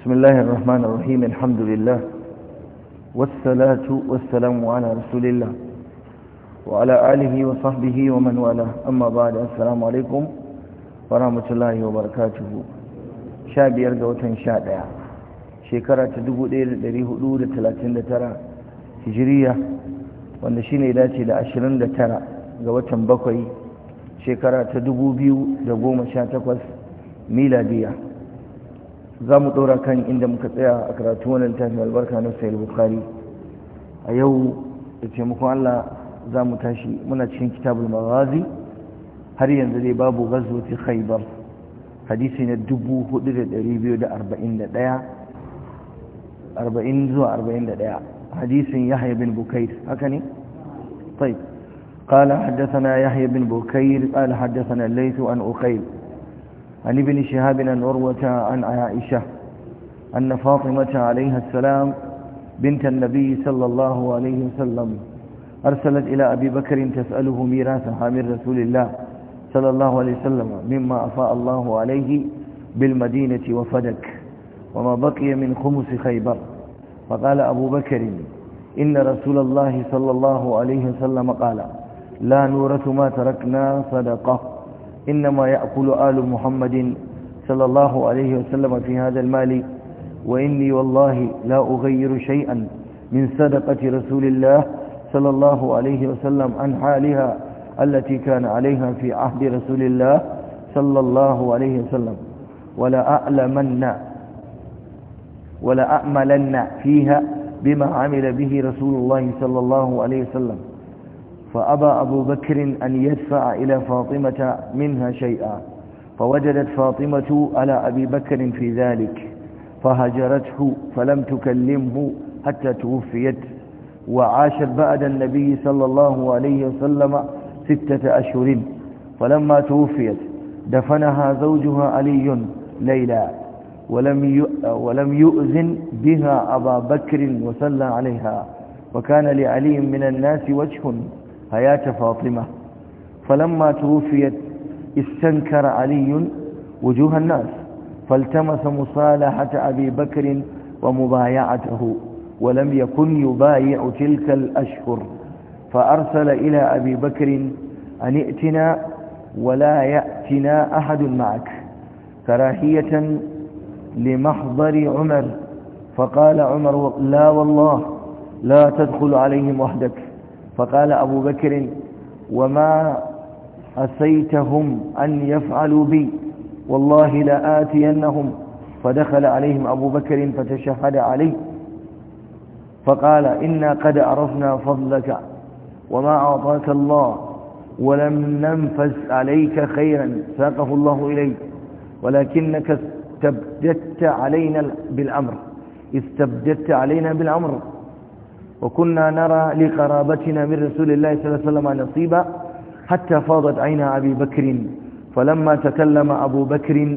بسم الله الرحمن الرحيم الحمد لله والصلاة والسلام على رسول الله وعلى آله وصحبه ومن والاه أما بعد السلام عليكم ورحمة الله وبركاته شاب يرجع وتنشاد شكرا تدبو دير دري حدود 39 هجرية wanda shi ne dace da 29 ga watan bakwai shekara ta 2018 miladiya za mu ɗora kan inda muka tsaya a karatu wannan tafi albarka na sayar bukari a yau da taimakon allah za mu tashi muna cikin kitabul maghazi har yanzu dai babu ghazwati khaybar hadisi na 4241 40 zuwa 41 hadisin yahya bin bukair haka ne طيب قال حدثنا يحيى بن بكير قال حدثنا الليث عن أخيل عن ابن شهاب عن عروة عن عائشة أن فاطمة عليها السلام بنت النبي صلى الله عليه وسلم أرسلت إلى أبي بكر تسأله ميراثها من رسول الله صلى الله عليه وسلم مما أفاء الله عليه بالمدينة وفدك وما بقي من خمس خيبر فقال أبو بكر إن رسول الله صلى الله عليه وسلم قال لا نورث ما تركنا صدقه إنما يأكل آل محمد صلى الله عليه وسلم في هذا المال وإني والله لا أغير شيئا من صدقة رسول الله صلى الله عليه وسلم عن حالها التي كان عليها في عهد رسول الله صلى الله عليه وسلم ولا أعلمن ولا أعملن فيها بما عمل به رسول الله صلى الله عليه وسلم فأبى أبو بكر أن يدفع إلى فاطمة منها شيئا فوجدت فاطمة على أبي بكر في ذلك فهجرته فلم تكلمه حتى توفيت وعاشت بعد النبي صلى الله عليه وسلم ستة أشهر فلما توفيت دفنها زوجها علي ليلى ولم ولم يؤذن بها أبا بكر وصلى عليها وكان لعلي من الناس وجه حياة فاطمة فلما توفيت استنكر علي وجوه الناس فالتمس مصالحة أبي بكر ومبايعته ولم يكن يبايع تلك الأشهر فأرسل إلى أبي بكر أن ائتنا ولا يأتنا أحد معك كراهية لمحضر عمر فقال عمر لا والله لا تدخل عليهم وحدك فقال أبو بكر وما أسيتهم أن يفعلوا بي والله لآتينهم فدخل عليهم أبو بكر فتشهد عليه فقال إنا قد عرفنا فضلك وما أعطاك الله ولم ننفس عليك خيرا ساقه الله إليك ولكنك استبددت علينا بالأمر استبددت علينا بالأمر وكنا نرى لقرابتنا من رسول الله صلى الله عليه وسلم نصيبا حتى فاضت عين أبي بكر فلما تكلم أبو بكر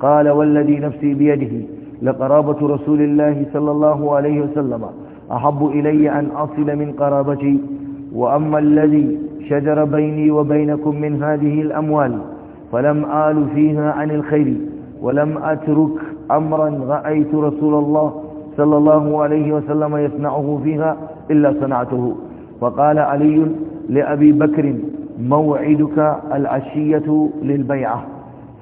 قال والذي نفسي بيده لقرابة رسول الله صلى الله عليه وسلم أحب إلي أن أصل من قرابتي وأما الذي شجر بيني وبينكم من هذه الأموال فلم آل فيها عن الخير ولم أترك أمرا رأيت رسول الله صلى الله عليه وسلم يصنعه فيها إلا صنعته وقال علي لأبي بكر موعدك العشية للبيعة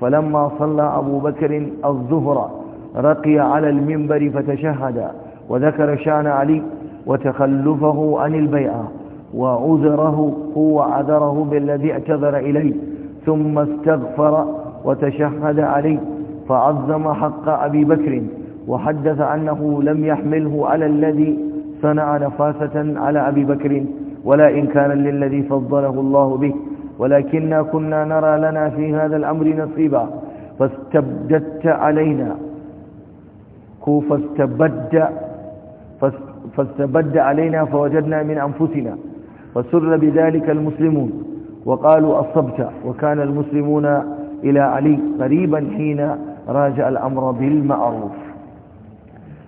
فلما صلى أبو بكر الظهر رقي على المنبر فتشهد وذكر شأن علي وتخلفه عن البيعة وعذره هو عذره بالذي اعتذر إليه ثم استغفر وتشهد عليه فعظم حق أبي بكر وحدث أنه لم يحمله على الذي صنع نفاسة على أبي بكر ولا إن كان للذي فضله الله به ولكننا كنا نرى لنا في هذا الأمر نصيبا فاستبدت علينا فاستبد فاستبد علينا فوجدنا من أنفسنا فسر بذلك المسلمون وقالوا أصبت وكان المسلمون إلى علي قريبا حين راجع الأمر بالمعروف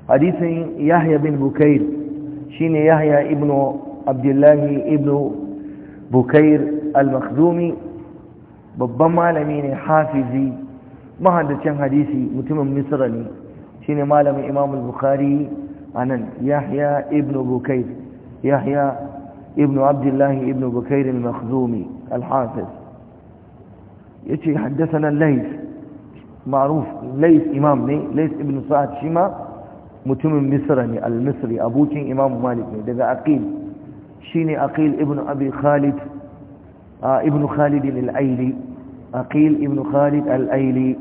hadisin yahya bin bukair shine yahya ibnu abdullahi ibnu bukair al-makhdumi babban malami ne hafizi mahaddacin hadisi mutumin misra ne shine malamin imam al-bukhari anan yahya ibnu bukair yahya ibnu abdullahi ibnu bukair al-makhdumi al-hafiz yace haddathana al-layth معروف ليس إمام ليس ابن سعد شما mutumin misra ne al-misri abokin imam malik ne daga aqil shine aqil ibn abi khalid a ibn khalid al-aili aqil ibn khalid al-aili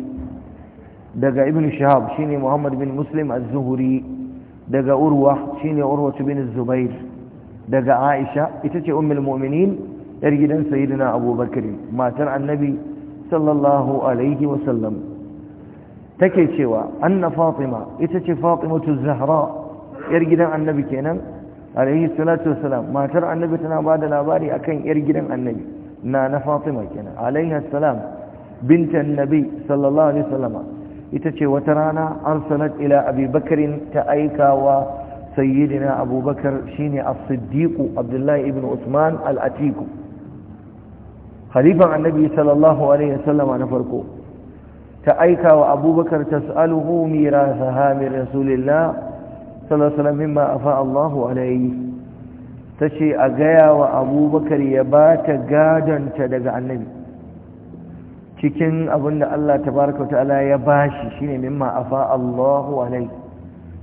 daga ibn shahab shine muhammad bin muslim az-zuhri daga urwa shine urwa bin zubair daga aisha ita ce ummul mu'minin yar gidan sayyidina abubakar matar annabi sallallahu alaihi wasallam take cewa anna fatima ita ce fatimatu zahra yar gidan annabi kenan alaihi salatu wassalam matar annabi tana ba da labari akan yar gidan annabi na na fatima kenan alaiha salam binta annabi sallallahu alaihi wasallama ita ce wata rana arsalat ila abi bakarin ta wa sayyidina abubakar shine as-siddiq abdullahi ibn usman al-atiku khalifan annabi sallallahu alaihi wasallama na farko ta aika wa abubakar tas'aluhu mirasaha min rasulillah sallallahu alaihi wasallam mimma afa Allahu alaihi tace a gaya wa abubakar ya ba ta gadonta daga annabi cikin abinda Allah tabaraka ta'ala ya bashi shine mimma afa Allahu alaihi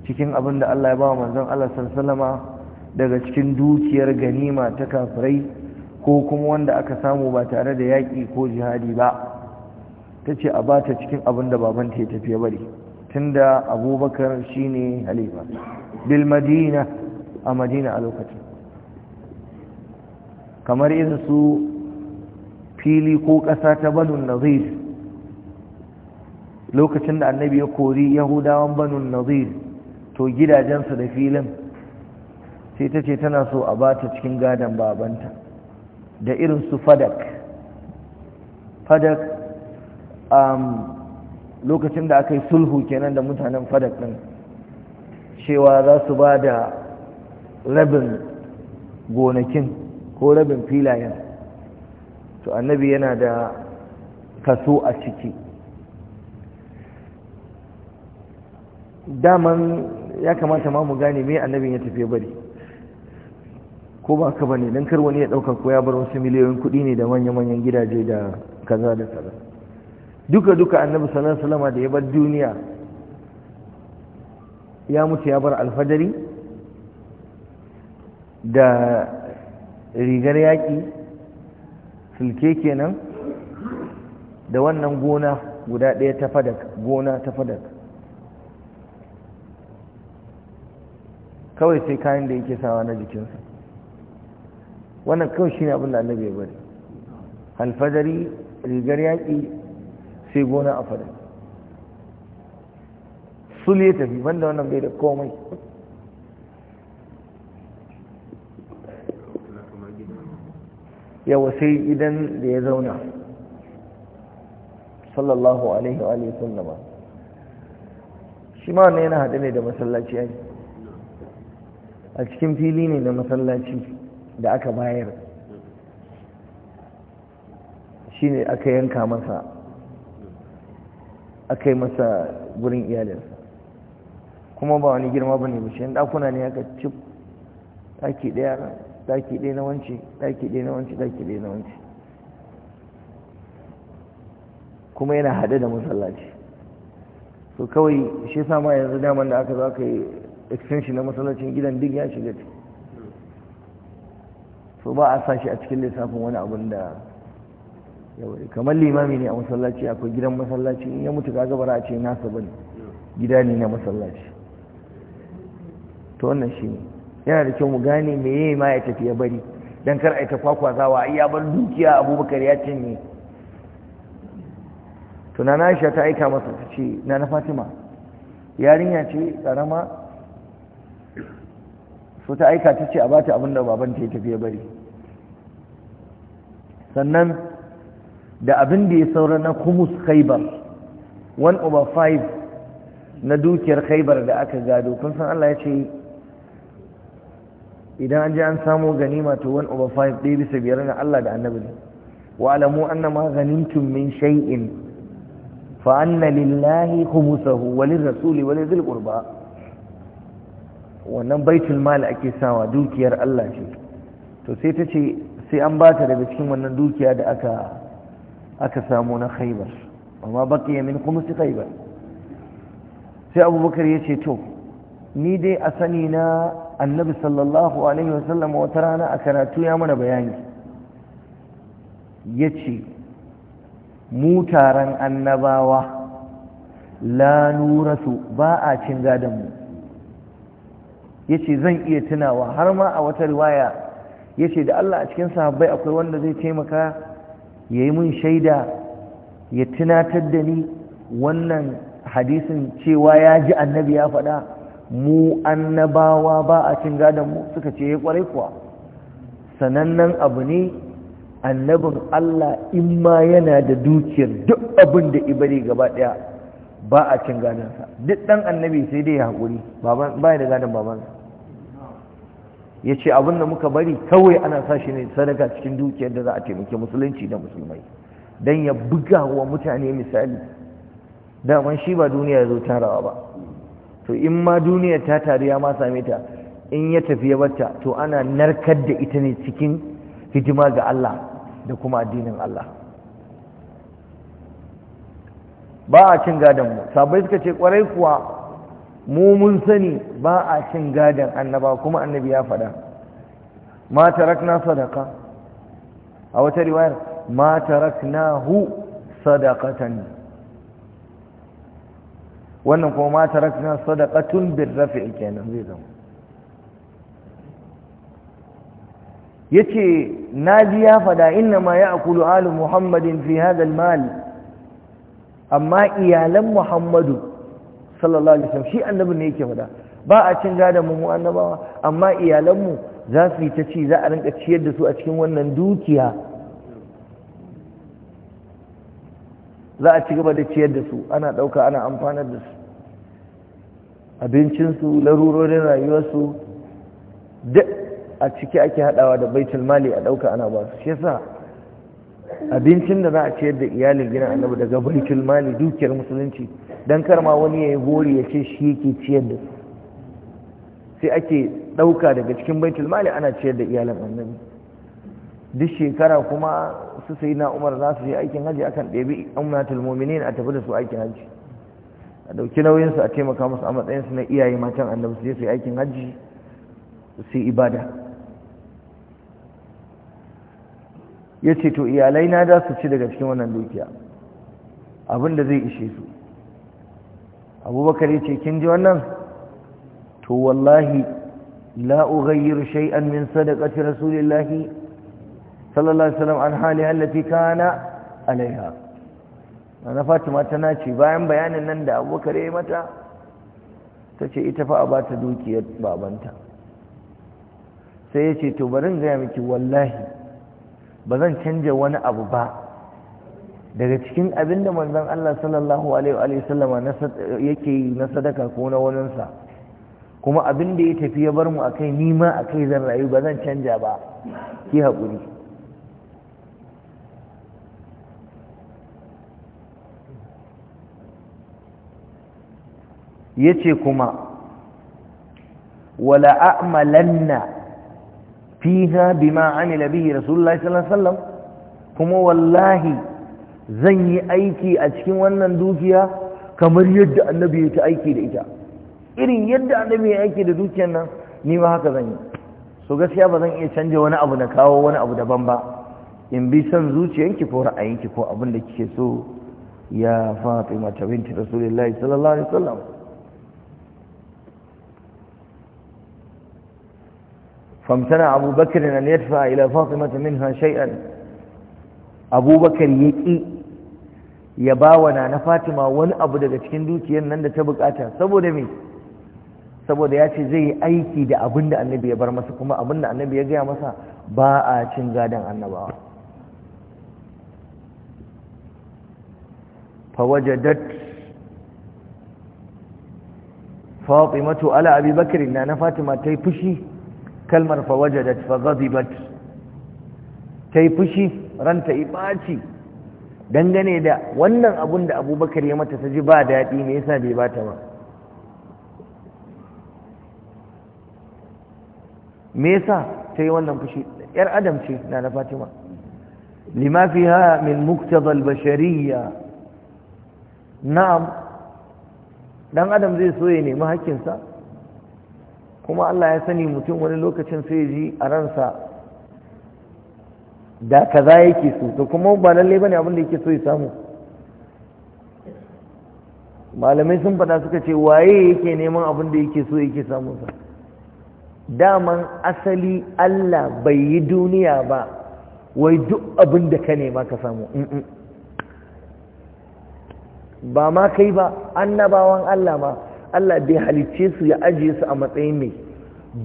cikin abinda Allah ya ba manzon Allah sallallahu alaihi daga cikin dukiyar ganima ta kafirai ko kuma wanda aka samu ba tare da yaƙi ko jihadi ba ta ce a ba ta cikin abin da babanta ya tafi ya bari tunda abubakar shine halifa bil madina a madina a lokacin kamar irin su fili ko ƙasa ta banu nazir lokacin da annabi ya kori yahudawan banu nazir to gidajensu da filin sai ta ce tana so a ba ta cikin gadon babanta da irin su fadak fadak Um, lokacin da aka yi sulhu kenan da mutanen fadak ɗin, cewa za su ba da rabin gonakin ko rabin filayen to annabi yana da kaso a ciki daman ya kamata ma mu gane me annabin ya tafi bari ko ba ka bane dan kar wani ya ɗauka ko ya bar wasu miliyoyin kuɗi ne da manya-manyan gidaje da kaza da kaza duka duka annabi sallallahu alaihi wasallam da ya bar duniya ya mutu ya bar alfajari da rigar yaƙi sulke kenan da wannan gona guda ɗaya ta fadak gona ta fadak kawai sai kayan da yake sawa na jikinsa wannan kawai shi ne abin da annabi ya bari alfajari rigar yaƙi sai gona a fada sulye tafi banda wannan bai da komai yawa sai idan da ya zauna sallallahu alaihi wa sallama shi ma wannan yana haɗe ne da masallaci ai a cikin fili ne da masallaci da aka bayar shi ne aka yanka masa aka yi masa gurin iyalinsa kuma ba wani girma ba ne yin ɗakuna ne aka cip ɗaki ɗaya na ɗaki ɗaya na wance ɗaki ɗaya na wance ɗaki ɗaya na wance kuma yana haɗe da masallaci so kawai shi sama yanzu daman da aka zo aka yi extension na masallacin gidan duk ya shiga ciki so ba a sa shi a cikin lissafin wani abun da kamar limami ne a masallaci akwai gidan masallaci in ya mutu kaga a ce nasa bane gida ne na masallaci to wannan ne yana da kyau mu gane me meye ma ya tafi ya bari don kar ai ta zawa a iya bar dukiya Abubakar ya ne to na Aisha ta aika masa ta ce na na Fatima yarinya ce karama so ta aika ta ce a bata abin da babanta ya tafi ya bari sannan da abin da ya saura na humus khaibar 1 over 5 na dukiyar khaibar da aka gado kun san Allah ya ce idan an ji an samu ganima to 1 over 5 ɗaya bisa biyar na Allah da annabi ne wa alamu anna ma ghanimtum min shay'in fa anna lillahi khumsahu wa lirrasuli wa lidhil qurba wannan baitul mal ake sawa dukiyar Allah ce to sai ta ce sai an bata daga cikin wannan dukiya da aka aka samu na khaibar amma baqiya min kuma su khaibar sai abubakar ya ce to ni dai a sani na annabi sallallahu alaihi wasallam wata rana a karatu ya mana bayani ya ce mu taron annabawa la nurasu ba a cin gadonmu ya ce zan iya tunawa har ma a wata riwaya ya ce da Allah a cikin sahabbai akwai wanda zai taimaka ya yi mun shaida ya tunatar da ni wannan hadisin cewa ya ji annabi ya faɗa mu annabawa ba a cin gadon mu suka ce ya eh, ƙwarai kuwa sanannen abu ne annabin Allah in ma yana da dukiyar duk abin da ibari gaba ɗaya ba a cin gadonsa duk ɗan annabi sai dai ya haƙuri ba da gadon babansa ya ce abin da muka bari kawai ana sa shi ne sadaka cikin dukiyar da za a taimaki musulunci da musulmai don ya buga wa mutane misali daman shi ba duniya ya zo tarawa ba to in ma duniya ta taru ya ma same ta in ya tafi ya bata to ana narkar da ita ne cikin hidima ga Allah da kuma addinin Allah ba a cin gadon mu sabai suka ce kwarai kuwa mu mun sani ba a cin gadon annaba kuma annabi ya faɗa ma tarakna sadaka a wata riwayar ma taraknahu sadaqatan wannan kuma ma tarakna sadaqatun rafi kenan zai zama yace naji ya faɗa inna ma ya'kulu alu muhammadin fi hadha al-mal amma iyalan muhammadu sallallahu alaihi wasallam shi annabin ne yake faɗa ba a cin gadon mu annabawa amma iyalanmu za su yi ta ci za a rinka ciyar da su a cikin wannan dukiya za a ci gaba da ciyar da su ana ɗauka ana amfanar da su abincinsu larurorin rayuwarsu duk a ciki ake hadawa da baitul mali a ɗauka ana ba su shi yasa abincin da za a ciyar da iyalin gina annabi daga baitul mali dukiyar musulunci don karma wani ya yi gori ya ce shi yake ciyar da su sai ake ɗauka daga cikin baitul mali ana ciyar da iyalan annabi duk shekara kuma su sai na umar za su je aikin hajji akan ɗabi ummatul mu'minin a tafi da su aikin hajji a ɗauki nauyinsu a taimaka musu a matsayinsu na iyaye matan annabi su je su yi aikin hajji su yi ibada ya ce to iyalai na za su ci daga cikin wannan dukiya abinda zai ishe su abubakar ya ce kin ji wannan to wallahi la ughayyiru shay'an min sadaqati rasulillahi sallallahu alaihi wasallam an haliha allati kana alaiha na fatima tana ce bayan bayanin nan da abubakar ya mata ta ce ita fa a ba ta dukiyar babanta sai ya ce to bari in gaya miki wallahi ba zan canja wani abu ba daga cikin abinda manzon Allah sallallahu alaihi wa sallama yake yi na sadaka ko na waninsa kuma abinda ya tafi ya bar mu akai ni ma akai zan rayu ba zan canja ba ki haƙuri yace kuma wala a'malanna fiha bima amila bihi rasulullahi sallallahu alaihi wasallam kuma wallahi zan yi aiki a cikin wannan dukiya kamar yadda annabi ya ta aiki da ita irin yadda annabi ya aiki da dukiyar nan ni ma haka zan yi so gaskiya ba zan iya canja wani abu na kawo wani abu daban ba in bi son zuciyanki ko ra'ayinki ko abin da kike so ya fatima ta binti rasulullahi sallallahu alaihi wasallam فامتنع أبو بكر أن يدفع إلى فاطمة منها شيئا abubakar ya ƙi ya ba wa na fatima wani abu daga cikin dukiyar nan da ta bukata saboda me saboda ya ce zai yi aiki da abin da annabi ya bar masa kuma abin da annabi ya gaya masa ba a cin gadon annabawa fawajadat fatimatu ala abi bakr na na fatima ta yi fushi kalmar fawajadat fa ghadibat ta yi fushi ranta ibaci dangane da wannan abun da abubakar ya mata ta ji ba daɗi me yasa bai bata ba me yasa ta yi wannan fushi yar adam ce na na fatima lima ha min muktadal bashariya na'am dan adam zai so ya nemi hakkinsa kuma Allah ya sani mutum wani lokacin sai ji a ransa da kaza yake so to kuma ba lalle bane abin da yake so ya samu malamai sun fada suka ce waye yake neman abin da yake so yake samu sa daman asali Allah bai yi duniya ba wai duk abin da ka nema ka samu ba ma kai ba annabawan Allah ma Allah bai halicce su ya ajiye su a matsayin mai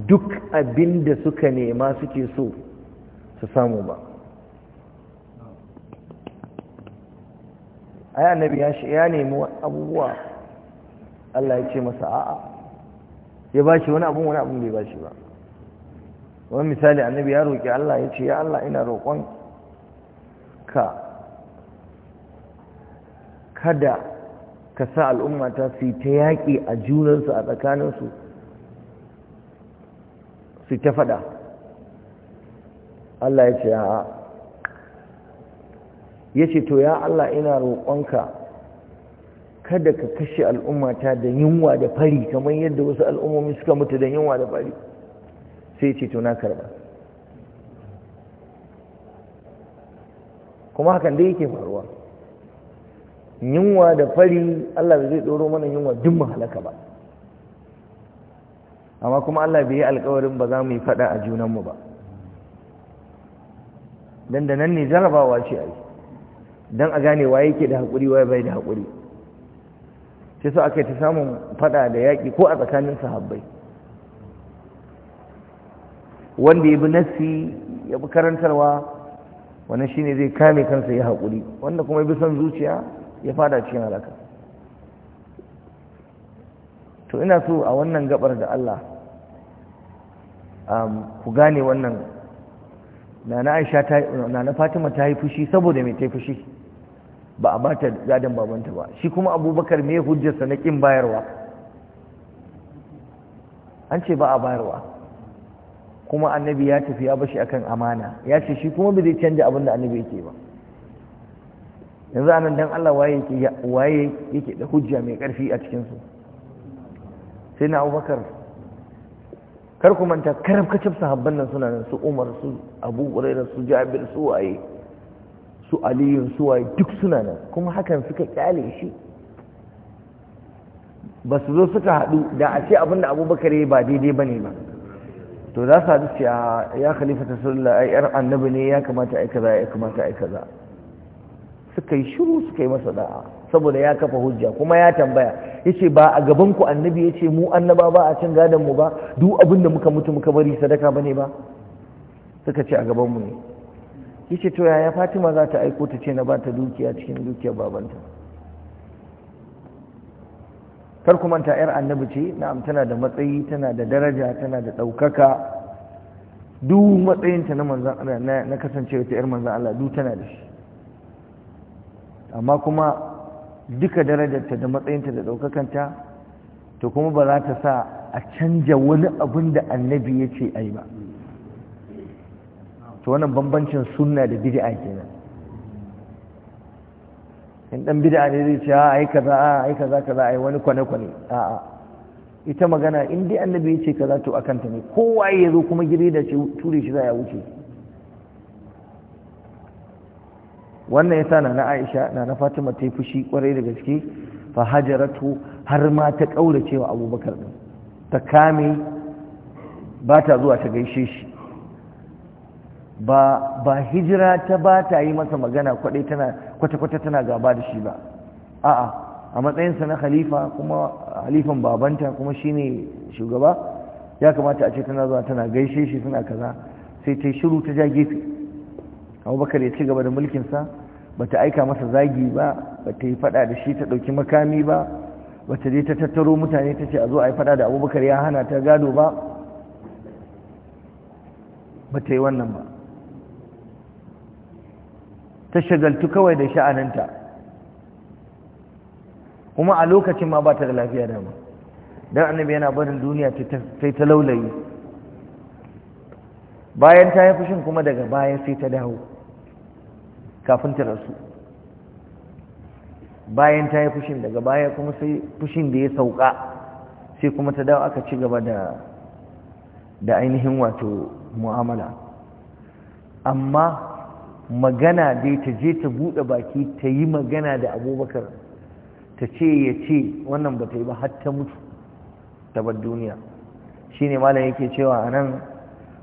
duk abin da suka nema suke so su samu ba aya annabi ya shi ya nemi abubuwa Allah ya ce masa a'a ya bashi wani abun wani abun bai bashi ba wani misali annabi ya roki Allah ya ce ya Allah ina roƙon ka kada ka sa al'ummata su yi ta yaƙi a junansu a tsakaninsu su ta faɗa Allah ya ce a'a ya ce to ya Allah ina roƙonka kada ka kashe al'ummata da yunwa da fari kamar yadda wasu al'ummomi suka mutu da yunwa da fari sai ce to na karba kuma hakan dai yake faruwa yunwa da fari Allah bai zai ɗoro mana yunwa duk mu halaka ba amma kuma Allah bai yi alkawarin ba za mu yi faɗa a junanmu ba dan da nan ne jarabawa ce a yi don a gane waye yake da haƙuri waye bai da haƙuri sai su aka ta samun fada da yaƙi ko a tsakanin sahabbai wanda ya bi nassi ya bi karantarwa wannan shine zai kame kansa ya haƙuri wanda kuma ya bi son zuciya ya fada cikin alaka to ina so a wannan gabar da Allah um, ku gane wannan na na na na fatima ta yi fushi saboda mai ta yi fushi ba a bata gadon babanta ba shi kuma abubakar me hujjarsa na ƙin bayarwa an ce ba a bayarwa kuma annabi ya tafi ya bashi akan amana ya ce shi kuma bai zai canja abin da annabi yake ba yanzu anan dan Allah waye yake waye yake da hujja mai karfi a cikin su sai na abubakar kar ku manta kar kacab sahabban nan suna nan su umar su abu hurairah su jabir su waye su aliyun su waye duk suna nan kuma hakan suka kyale shi ba su zo suka haɗu da a ce abinda abubakar ya ba daidai ba ne ba to za su haɗu ce ya khalifa ta sallar a yar annabi ne ya kamata a kaza kamata a kaza suka yi shiru suka yi masa da'a saboda ya kafa hujja kuma ya tambaya ya ce ba a gaban ku annabi ya ce mu annaba ba a cin gadon mu ba duk abin muka mutu muka bari sadaka ba ne ba suka ce a gaban mu ne yace to yaya Fatima za ta aiko ta ce na ba ta dukiya cikin dukiyar babanta kar kuma ta yar annabi ce na'am tana da matsayi tana da daraja tana da ɗaukaka duk matsayinta na manzan Allah na kasancewa ta yar manzan Allah duk tana da shi amma kuma duka darajarta da matsayinta da ɗaukakanta to kuma ba za ta sa a canja wani abin da annabi ya ce a yi ba to wannan bambancin sunna da bid'a kenan in dan bid'a ne zai ce ah, ai kaza ah, ai kaza kaza ai wani kwane kwane a'a ita magana in dai annabi ya ce kaza to akan ta ne kowa ya zo kuma gire da ce ture shi za ya wuce wannan yasa na na Aisha na na Fatima ta fushi kwarai da gaske fa hajaratu har ma ta kaurace Abubakar din ta kame ba ta zuwa ta gaishe shi ba ba hijira ta ba ta yi masa magana kwaɗe tana kwata-kwata tana gaba da shi ba a'a a matsayinsa na khalifa kuma halifan babanta kuma shine shugaba ya kamata a ce tana zuwa tana gaishe shi suna kaza sai ta shiru ta ja gefe abubakar ya ci gaba da mulkinsa ba ta aika masa zagi ba ba ta yi fada da shi ta ɗauki makami ba ba ta je ta tattaro mutane ta ce a zo a yi fada da abubakar ya hana ta gado ba ba ta yi wannan ba ta shagaltu kawai da sha'aninta kuma a lokacin ma ba ta da lafiya dama don annabi yana barin duniya sai ta laulayi bayan ta yi fushin kuma daga baya sai ta dawo kafin ta rasu bayan ta yi fushin daga baya kuma sai fushin da ya sauka sai kuma ta dawo aka ci gaba da da ainihin wato mu'amala amma magana dai ta je ta buɗe baki ta yi magana da abubakar ta ce ya ce wannan ba ta yi ba har ta mutu ta bar duniya shi ne malam yake cewa a nan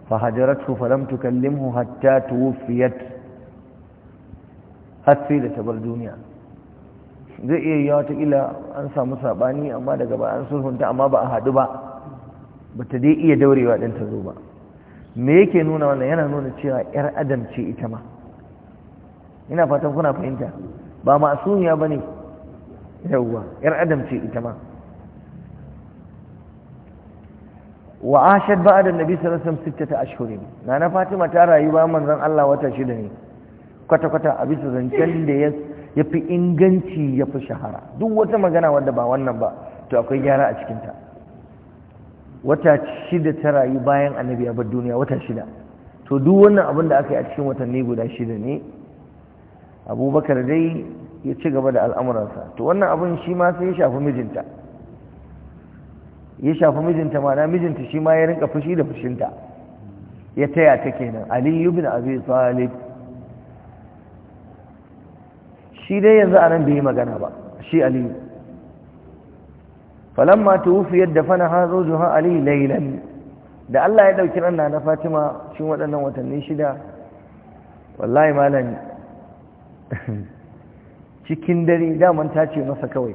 fahajaratu faramtu tukallimhu hatta tuwfiyat har sai da ta bar duniya zai iya yi watakila an samu saɓani amma daga ba an sulhunta amma ba a haɗu ba ba ta dai iya daurewa ɗin ta zo ba me yake nuna wannan yana nuna cewa 'yar adam ce ita ma ina fatan kuna fahimta ba ba bane yawwa yar adam ce ita ma wa ashad adam nabi sallallahu alaihi wasallam sittata ashhurin na fatima ta rayu ba manzon Allah wata shida ne kwata kwata a bisa zancen da ya yafi inganci yafi shahara duk wata magana wadda ba wannan ba to akwai gyara a cikin ta wata shida ta rayu bayan annabi ya bar duniya wata shida to duk wannan abin da aka yi a cikin watanni guda shida ne abubakar dai ya ci gaba da al'amuransa to wannan abin shi ma sai ya shafi mijinta ya shafi mijinta mana mijinta shi ma ya rinka fushi da fushinta ya taya ta kenan aliyu bin abi talib shi dai yanzu a nan bai yi magana ba shi aliyu falamma tuwfiyat dafanaha zawjuha ali laylan da Allah ya dauki ranna na Fatima cikin waɗannan watanni shida wallahi malam cikin dare daman ta ce masa kawai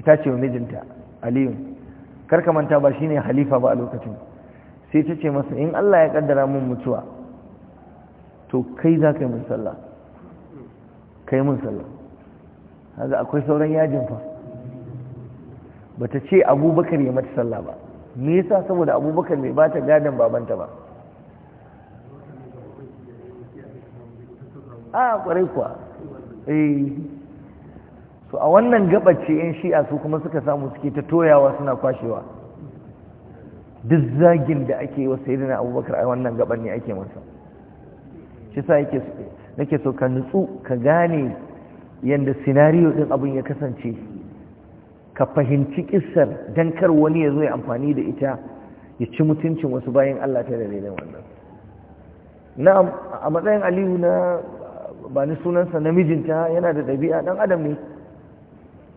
ita ce wa mijinta aliyu karka manta ba shine halifa ba a lokacin sai ta ce masa in Allah ya kaddara mun mutuwa to kai za ka yi mun sallah kai mun sallah haka akwai sauran yajin fa bata ce abubakar ya mata sallah ba me yasa saboda abubakar bai bata gadon babanta ba a kwarai kuwa eh. to a wannan gabace yan shi'a su kuma suka samu suke ta toyawa suna kwashewa duk zagin da ake wasu yi sayyidina abubakar a wannan gaban ne ake masa shi sa yake nake so ka nutsu ka gane yadda sinariyo din abin ya kasance ka fahimci kissar don kar wani ya zo ya amfani da ita ya ci mutuncin wasu bayan Allah ta da wannan Na a matsayin aliyu na ba ni sunansa namijinta yana da ɗabi'a ɗan adam ne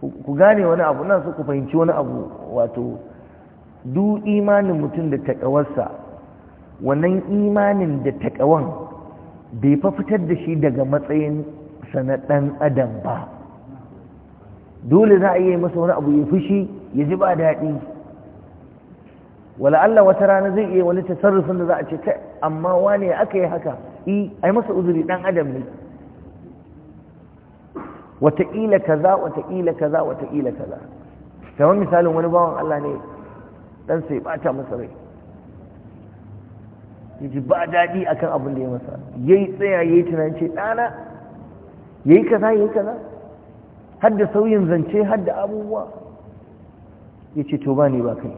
ku gane wani abu nan su ku fahimci wani abu wato du imanin mutum da taƙawarsa wannan imanin da taƙawan bai fa fitar da shi daga matsayin sa na ɗan adam ba dole za a iya masa wani abu ya fushi ya ji ba daɗi wala Allah wata rana zai iya wani tasarrufin da za a ce kai amma wane aka yi haka i ai masa uzuri ɗan adam ne wataƙila kaza wataƙila kaza wataƙila kaza kamar misalin wani bawan Allah ne ɗan sai ɓata masa rai yaji ba daɗi akan abin da ya masa yi tsaya ya tunanin ce ɗana ya yi kaza yi kaza har da sauyin zance har da abubuwa ce to ba ni ba kai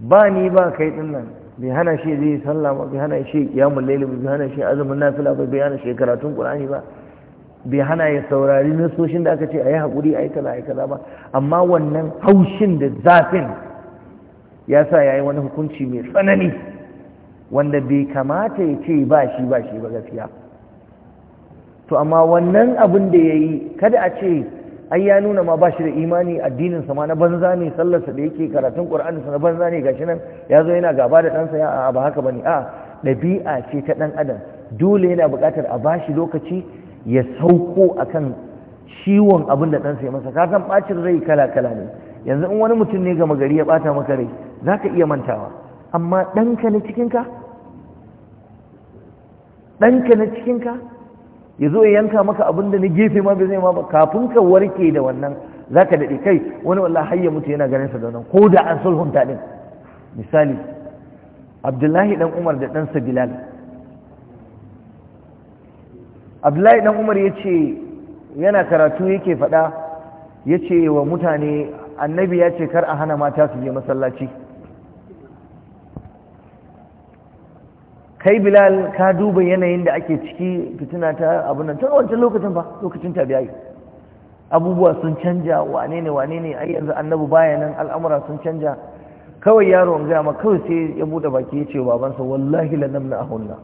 ba ni ba kai ɗin nan bai hana shi zai yi sallah bai hana shi ya laili ba bai hana shi azumin nafila ba bai hana shi karatun qur'ani ba bai hana ya saurari nasoshin da aka ce a yi haƙuri a yi kaza a yi kaza ba amma wannan haushin da zafin ya sa ya yi wani hukunci mai tsanani wanda bai kamata ya ce ba shi ba shi ba gaskiya to amma wannan abin da ya yi kada a ce ai ya nuna ma ba shi da imani sa ma na banza ne sallarsa da yake karatun ƙur'aninsa na banza ne gashi nan ya zo yana gaba da ɗansa ya ba haka ba ne a ɗabi'a ce ta ɗan adam dole yana buƙatar a bashi lokaci ya sauko akan ciwon abin da ɗansa ya masa ka san ɓacin rai kala kala ne yanzu in wani mutum ne gama gari ya ɓata maka rai za ka iya mantawa amma ɗanka na cikinka ɗanka na cikinka ya zo ya yanka maka abin da na gefe ma bai zai ma ba kafin ka warke da wannan za ka daɗe kai wani wala har ya mutu yana ganin sa da wannan ko da an sulhunta ɗin misali abdullahi ɗan umar da ɗansa bilal abdullahi dan umar ya ce yana karatu yake faɗa ya ce wa mutane annabi ya ce kar a hana mata su je masallaci kai bilal ka duba yanayin da ake ciki fitina ta abin nan tun wancan lokacin fa lokacin ta tabi'ai abubuwa sun canja wane ne wane ne ai yanzu annabi baya nan al'amura sun canja kawai yaro an gaya ma kawai sai ya bude baki ya ce babansa wallahi lanamna ahunna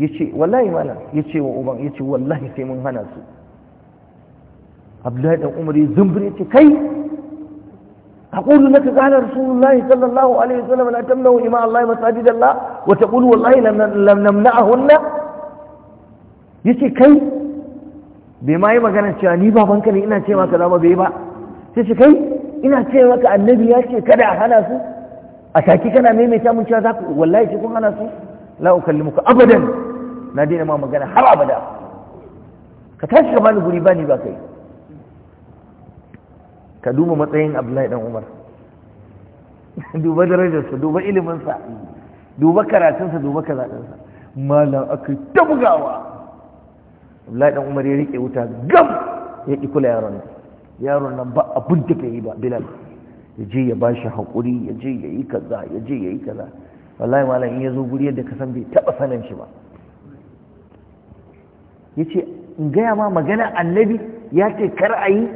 ya ce wallahi mana ya ce wa uban ya ce wallahi sai mun hana su abdullahi Dan umar ya ya ce kai أقول لك قال رسول الله صلى الله عليه وسلم لا تمنعوا إماء الله مساجد الله وتقول والله لم نمنعهن yace kai bai ma yi magana cewa ni babanka ne ina ce maka zama bai ba sai ce kai ina ce maka annabi ya ce kada a hana a taki kana maimaita mun cewa za ku wallahi ce kun hana abadan na daina ma magana har abada ka tashi ka bani guri bani ba kai ka duba matsayin abdullahi dan umar duba darajarsa duba iliminsa duba karatunsa duba kazaɗinsa malam aka ta bugawa abdullahi dan umar ya rike wuta gam ya ƙi kula yaron nan yaron nan ba abin da bai yi ba bilal ya je ya bashi haƙuri ya je ya yi kaza ya je ya yi kaza wallahi malam in ya zo guri yadda ka san bai taɓa sanin shi ba ya ce in gaya ma magana annabi ya ce kar a yi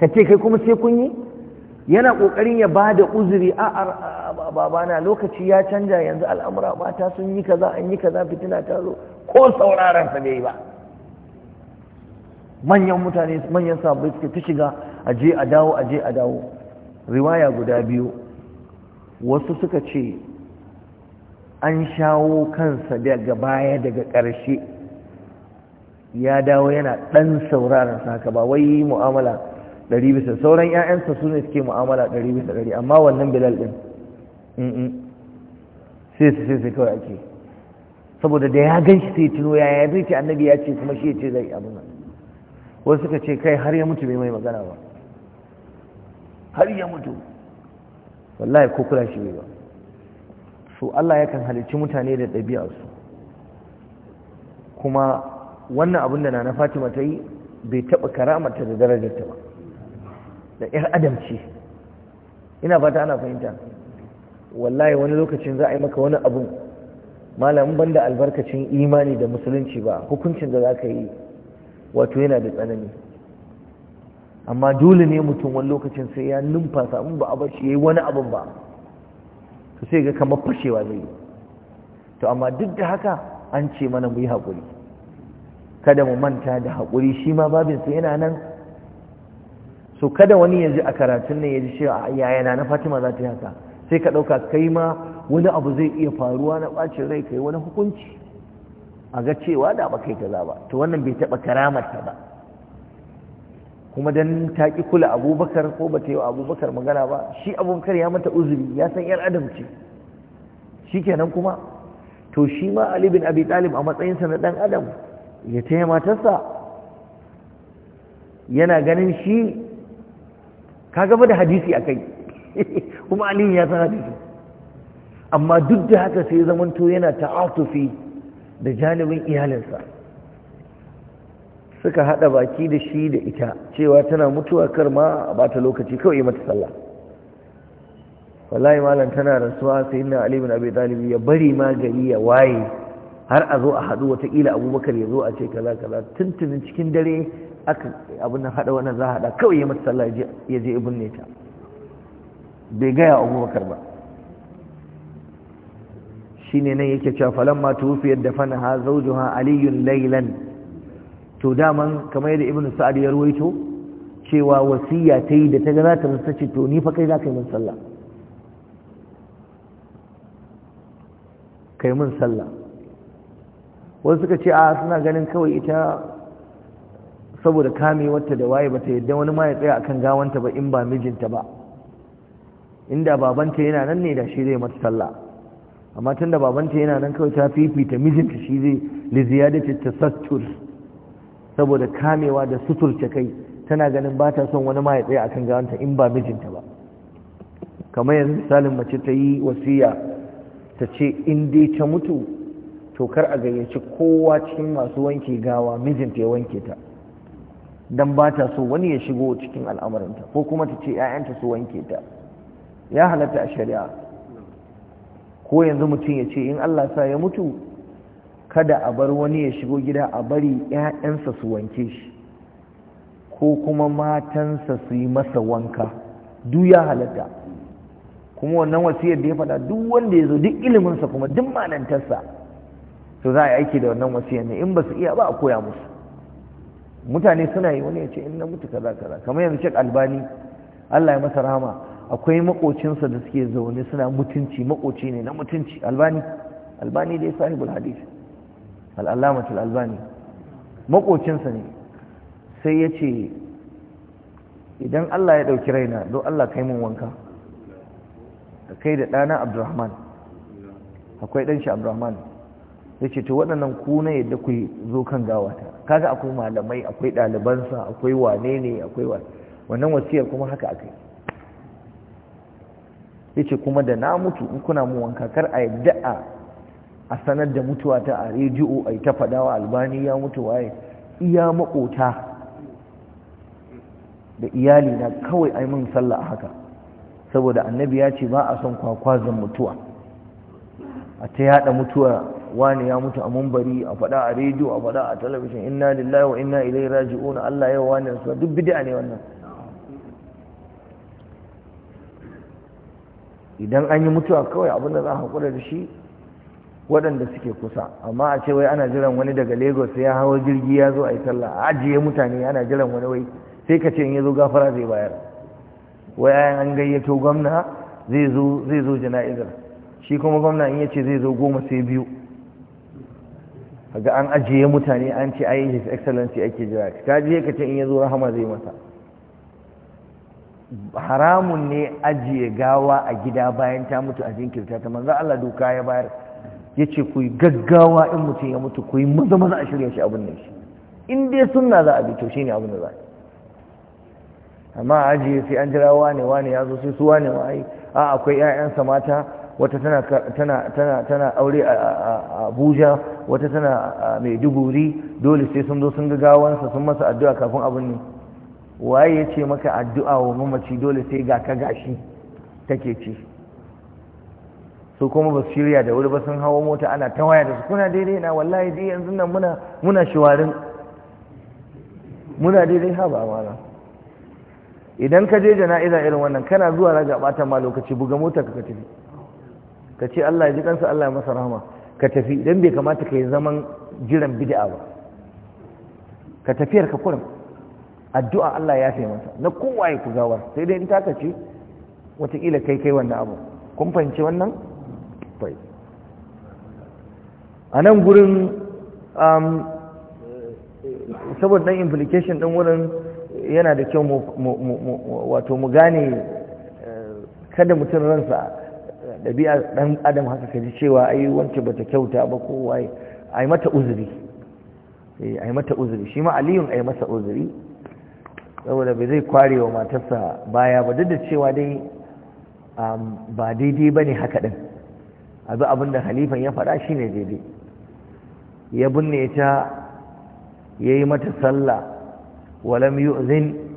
ka ce kai kuma sai kun yi yana ƙoƙarin ya ba da uzuri a babana lokaci ya canja yanzu al'amura mata sun yi kaza an yi kaza fitina ta zo ko sauraron sa bai ba manyan mutane manyan sabbai suke ta shiga aje a dawo aje a dawo riwaya guda biyu wasu suka ce an shawo kansa daga baya daga ƙarshe ya dawo yana ɗan sauraron sa haka ba wai mu'amala ɗari bisa sauran 'ya'yansa su ne suke mu'amala ɗari bisa ɗari amma wannan bilal din sai su sai sai kawai ake saboda da ya gan shi sai tuno ya ya zai ce annabi ya ce kuma shi ya ce zai abin nan wasu suka ce kai har ya mutu bai mai magana ba har ya mutu wallahi ko kula shi bai ba so Allah yakan halicci mutane da ɗabi'arsu kuma wannan abin da na na fatima ta yi bai taɓa karamata da darajarta ba da 'yar adam ina fata ana fahimta wallahi wani lokacin za a yi maka wani abun malamin banda albarkacin imani da musulunci ba hukuncin da za ka yi wato yana da tsanani amma dole ne mutum wani lokacin sai ya numfasa mun ba a bar ya yi wani abu ba to sai ga kamar fashewa zai yi to amma duk da haka an ce mana mu yi haƙuri kada mu manta da haƙuri shi ma babinsa yana nan so kada wani ya ji a karatun nan ya ji cewa yaya na fatima za ta yi haka sai ka ɗauka kai ma wani abu zai iya faruwa na ɓacin rai kai wani hukunci a ga cewa da ba kai kaza ba to wannan bai taɓa karamarta ba kuma dan ta ƙi kula abubakar ko ba ta yi wa abubakar magana ba shi abubakar ya mata uzuri ya san yar adam ce shi kenan kuma to shi ma ali bin abi talib a matsayinsa na ɗan adam ya taya matarsa yana ganin shi ka gaba da hadisi a kai kuma aliyu ya san hadisi amma duk da haka sai zamanto yana ta'atufi da janibin iyalinsa suka hada baki da shi da ita cewa tana mutuwa kar ma a bata lokaci kawai mata sallah wallahi malam tana rasuwa sai na alimin abu ya bari ma gari ya waye har a zo a haɗu watakila abubakar ya zo a ce kaza kaza tuntunin cikin dare aka abin nan haɗa wannan za a haɗa kawai ya mata sallah ya je ibn ne bai gaya abubakar ba shi ne nan yake cewa ma tufiyar da fana ha aliyun lailan to daman kamar yadda ibn sa'ad ya ruwaito cewa wasiya ta yi da ta ga za ta musa ce to ni fa kai za ka yi min sallah kai min sallah wasu suka ce a suna ganin kawai ita saboda wata da waye bata yadda wani ma ya tsaya akan gawanta ba in ba mijinta ba inda babanta yana nan ne da shi zai mata talla amma tunda babanta yana nan kawai ta fifita mijinta shi zai li ta sastur saboda kamewa da ta kai tana ganin ba ta son wani ma ya tsaya akan gawanta in ba mijinta ba kamar yanzu misalin mace ta yi wasiya ta ce in dai ta mutu to kar a gayyaci kowa cikin masu wanke gawa mijinta ya wanke ta don ba ta so wani ya shigo cikin al'amarinta ko kuma ta ce 'ya'yanta su wanke ta ya halatta a shari'a ko yanzu mutum ya ce in Allah sa ya mutu kada a bar wani ya shigo gida a bari 'ya'yansa su wanke shi ko kuma matansa su yi masa wanka duk ya halatta kuma wannan wasiyar da ya faɗa duk wanda ya zo duk iliminsa kuma duk malantarsa to za a yi aiki da wannan wasiyan ne in ba su iya ba a koya musu mutane suna yi wani ya ce in na mutu kaza kaza kamar yanzu shek albani Allah ya masa rahama akwai makocinsa da suke zaune suna mutunci makoci ne na mutunci albani albani dai sahibul hadith al'allamatul albani makocinsa ne sai ya ce idan Allah ya ɗauki raina don Allah kai mun wanka kai da ɗana abdurrahman akwai shi abdurrahman yace to waɗannan ku na yadda ku zo kan gawata kaga akwai malamai akwai ɗalibansa akwai wane ne akwai wa wannan wasiyar kuma haka aka yi ya kuma da na mutu in kuna mu wanka kar a yadda a a sanar da mutuwa ta a rediyo a yi ta faɗawa albani ya mutu waye iya maƙota da iyali na kawai a yi min sallah a haka saboda annabi ya ce ba a son kwakwazon mutuwa a ta yada mutuwa wani ya mutu a mumbari a faɗa a rediyo a faɗa a talabishin inna lillahi wa inna ilaihi raji'un Allah ya wani rasuwa duk bid'a ne wannan idan an yi mutuwa kawai abin da za a haƙura da shi waɗanda suke kusa amma a ce wai ana jiran wani daga lagos ya hawa jirgi ya zo a yi sallah a ajiye mutane ana jiran wani wai sai ka ce in ya zo gafara zai bayar wai an gayyato gwamna zai zo jana'izar shi kuma gwamna in ya ce zai zo goma sai biyu kaga an ajiye mutane an ce ayi his excellency ake jira ka je ka ce in yazo rahama zai masa haramun ne ajiye gawa a gida bayan ta mutu a jinkirta ta manzo Allah doka ya bayar yace ku gaggawa in mutum ya mutu ku yi maza maza a shirya shi abin nan shi in dai sunna za a bi to shine abin da za a amma ajiye sai an jira wane wane ya zo sai su wane ma ai a akwai ƴaƴansa mata wata tana tana tana tana aure a Abuja wata tana Maiduguri dole sai sun zo sun ga gawansa sun masa addu'a kafin abin ne waye ya ce maka addu'a wa mamaci dole sai ga ka gashi take ci su kuma ba su shirya da wuri ba sun hawo mota ana ta waya da su kuna daidai na wallahi dai yanzu nan muna muna shiwarin muna daidai ha ba mana idan ka je jana'iza irin wannan kana zuwa raga bata ma lokaci buga mota ka tafi ka ce Allah ya ji kansa Allah ya masa rahama ka tafi dan bai kamata ka yi zaman jiran bid'a ba ka tafiyar ka kurin addu'a Allah ya fi masa na kowa ya ku gawar sai dai in taka ce wataƙila kai kai wannan abu kun fahimci wannan bai a nan gurin um, saboda dan implication dan wurin yana da kyau wato mu gane eh, kada mutum ransa Ɗabi'a ɗan adam haka ka ji cewa ai wance bata kyauta ba ko waye ai mata uzuri eh ai mata uzuri shi ma aliyun ai masa uzuri saboda bai zai kware wa matarsa baya ba duk da cewa dai ba daidai ba ne haka din abi abin da halifan ya faɗa shi ne daidai ya binne ta ya yi mata sallah walam yu'zin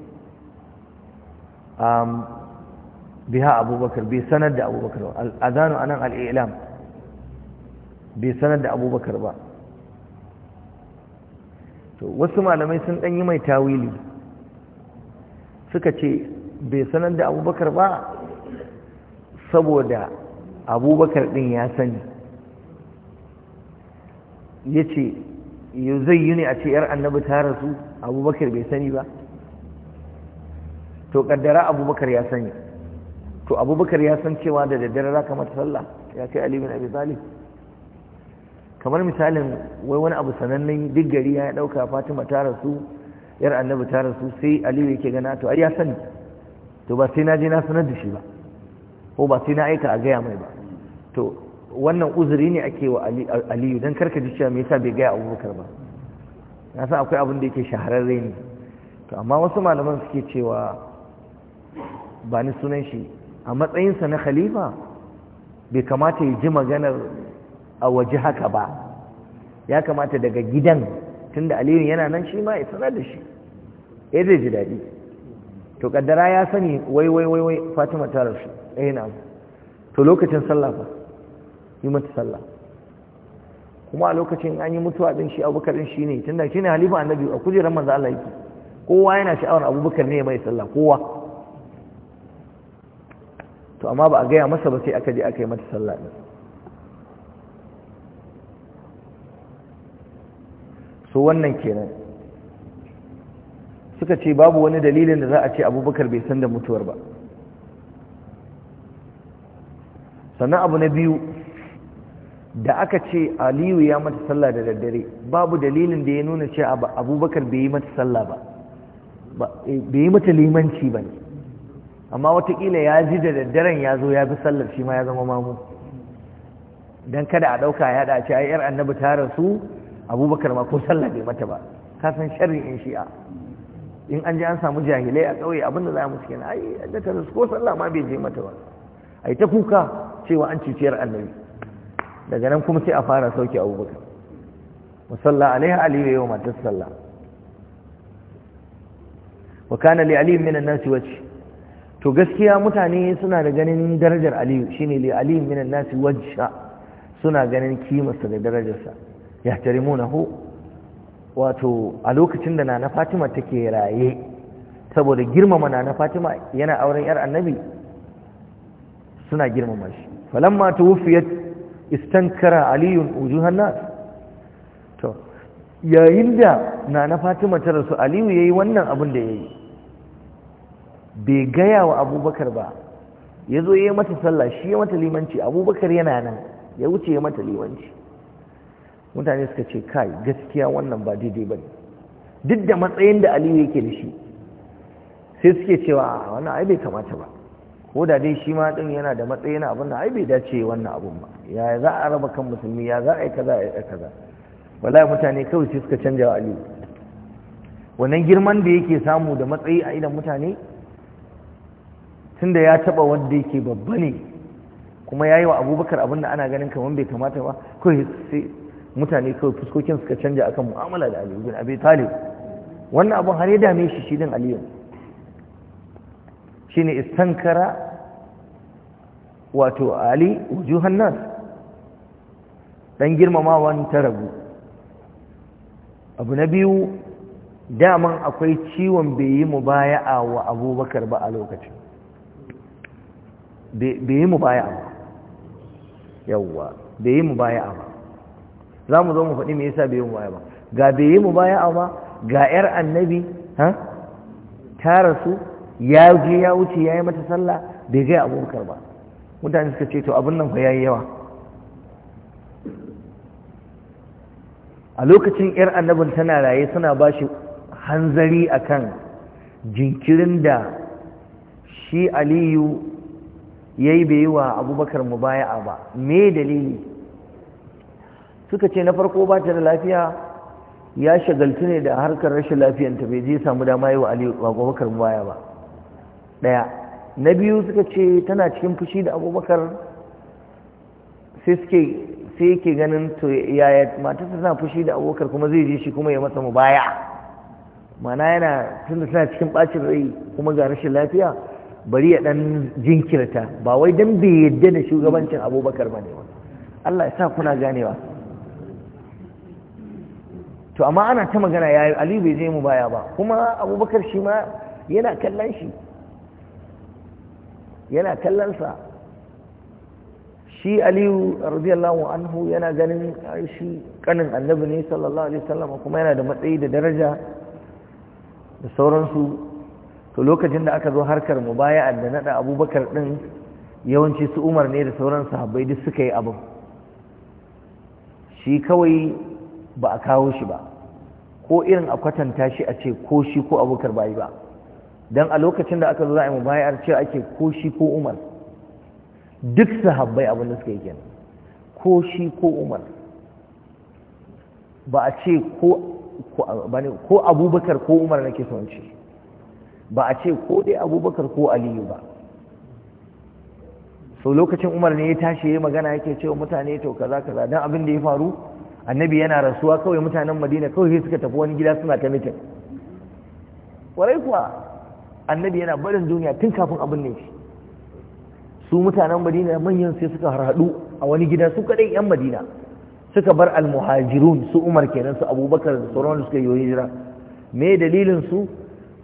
biha abubakar bai sanar da abubakar ba azanu anan al'ilam bai sanar da abubakar ba wasu malamai sun ɗan yi mai tawili suka ce bai sanar da abubakar ba saboda abubakar din ya sani ya zai yi ne a ce yar annabi ta rasu abubakar bai sani ba to kaddara abubakar ya sani to abubakar ya san cewa da daddare za ka mata sallah ya kai ali bin abi kamar misalin wai wani abu sanannen duk gari ya dauka fatima ta rasu yar annabi ta rasu sai aliyu yake gana to ai ya sani to ba sai na je na sanar da shi ba ko ba sai na aika a gaya mai ba to wannan uzuri ne ake wa aliyu don karka ji cewa me yasa bai gaya abubakar ba na san akwai abin da yake shahararre ne to amma wasu malaman suke cewa ba ni sunan shi a matsayinsa na khalifa bai kamata ya ji maganar a waje haka ba ya kamata daga gidan tunda aliyu yana nan shi ma ya sanar da shi Ya eh, zai ji daɗi to kaddara ya sani wai wai wai wai fatima ta rasu ɗaya eh, na to lokacin sallah ba, yi mata sallah kuma a lokacin an yi mutuwa ɗin shi abubakar din shine tunda shine halifa annabi a kujerar manzo Allah yake kowa yana sha'awar abubakar ne mai sallah kowa to amma ba a gaya masa ba sai aka je aka yi mata sallah ɗin so wannan kenan suka ce babu wani dalilin da za a ce abubakar bai san da mutuwar ba sannan abu na biyu da aka ce aliyu ya mata sallah da daddare babu dalilin da ya nuna ce abubakar bai yi mata sallah ba eh, bai yi mata limanci ba ne amma watakila ya ji da daddaren ya zo ya bi sallar shi ma ya zama mamu don kada a ɗauka ya haɗa ce yi yar annabi ta rasu abubakar ma ko sallar bai mata ba ka san sharri in shi'a in an ji an samu jahilai a ƙauye abinda za mu cikin ai da ta rasu ko sallah ma bai je mata ba yi ta kuka cewa an cuciyar annabi daga nan kuma sai a fara sauke abubakar musalla alaiha aliyu yau matar sallah wa kana li minan min an-nasi to gaskiya mutane suna da ganin darajar aliyu shine li aliyu minan nasi wajha suna ganin kimarsa da darajarsa ya tarimunahu wato a lokacin da nana fatima take raye saboda girmama nana fatima yana auren yar annabi suna girmama shi falamma tuwfiyat istankara aliyun wujuhan nas to yayin da nana fatima ta rasu aliyu yayi wannan abin da yayi bai gaya wa abubakar ba ya zo ya yi mata sallah shi ya mata limanci abubakar yana nan ya wuce ya mata limanci mutane suka ce kai gaskiya wannan ba daidai ba ne duk da matsayin da aliyu yake da shi sai suke cewa wannan ai bai kamata ba ko da dai shi ma ɗin yana da matsayi na abin da ai bai dace wannan abin ba ya za a raba kan musulmi ya za a yi kaza a yi kaza wallahi mutane kawai sai suka canja wa aliyu wannan girman da yake samu da matsayi a idan mutane tunda ya taba wanda yake babba ne kuma ya yi wa abubakar abin da ana ganin kamar bai kamata ba kawai sai mutane kawai fuskokin suka canja akan mu'amala da aliyu bin abi talib wannan abun har ya dame shi shi din aliyu shine istankara wato ali wujuhan nas dan girmamawan ta ragu abu na biyu daman akwai ciwon bai yi mubaya'a wa abubakar ba a lokacin bai yi mu baya ba yawwa bai yi mu baya ba za mu zo mu faɗi me yasa bai yi mu baya ba ga bai yi mu baya ba ga 'yar annabi ta rasu ya je ya wuce ya yi mata sallah bai gaya abubakar ba mutane suka ce to abin nan fa ya yi yawa a lokacin 'yar annabin tana raye suna ba shi hanzari akan jinkirin da shi aliyu yayi bai yi wa abubakar mubaya'a ba me dalili suka ce na farko ba ta da lafiya ya shagaltu ne da harkar rashin lafiyanta bai je samu dama yi wa abubakar mubaya ba ɗaya na biyu suka ce tana cikin fushi da abubakar sai yake ganin to yaya matarsa tana fushi da abubakar kuma zai je shi kuma ya masa mubaya mana yana tunda tana cikin ɓacin rai kuma ga rashin lafiya bari ya dan jinkirta ba wai dan bai yadda da shugabancin abubakar ba ne Allah ya sa kuna ganewa to amma ana ta magana ya yi aliyu bai zai mu baya ba kuma abubakar shi ma yana kallon shi yana kallonsa shi aliyu radiyallahu anhu yana ganin shi kanin annabi ne sallallahu alaihi wasallam kuma yana da matsayi da daraja da sauransu to lokacin da aka zo harkar mubaya'ar da nada abubakar ɗin, yawanci su umar ne da sauran sahabbai duk suka yi abin shi kawai ba a kawo shi ba ko irin a kwatanta shi a ce ko shi ko abubakar ba yi ba don a lokacin da aka zo za a yi mubaya'ar ce ake ko shi ko umar duk sahabbai abin da suka yi kenan ko shi ko umar ba a ce ko abubakar ko umar nake son ce ba a ce ko dai abubakar ko aliyu ba so lokacin umar ne ya tashi ya magana yake wa mutane to kaza kaza don abin da ya faru annabi yana rasuwa kawai mutanen madina kawai suka tafi wani gida suna ta mitin warai kuwa annabi yana barin duniya tun kafin abin ne shi su mutanen madina manyan sai suka harhadu a wani gida su kaɗai 'yan madina suka bar almuhajirun su umar kenan su abubakar da sauran da suka yi hijira me dalilin su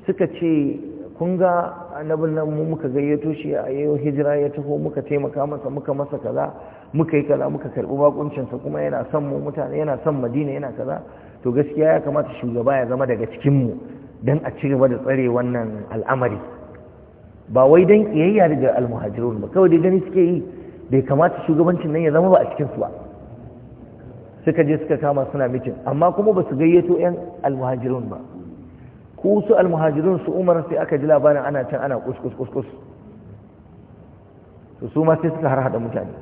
suka ce kun ga annabin nan mu muka gayyato shi a yau hijira ya taho muka taimaka masa muka masa kaza muka yi kaza muka karbi bakuncinsa kuma yana son mu mutane yana son madina yana kaza to gaskiya ya kamata shugaba ya zama daga cikin mu dan a ci gaba da tsare wannan al'amari ba wai dan kiyayya daga almuhajirun ba kawai dai gani suke yi bai kamata shugabancin nan ya zama ba a cikin su ba suka je suka kama suna mitin amma kuma ba su gayyato yan almuhajirun ba ku su almuhajirun su umar sai aka ji labarin ana can ana kuskus kuskus su su ma sai suka har hada mutane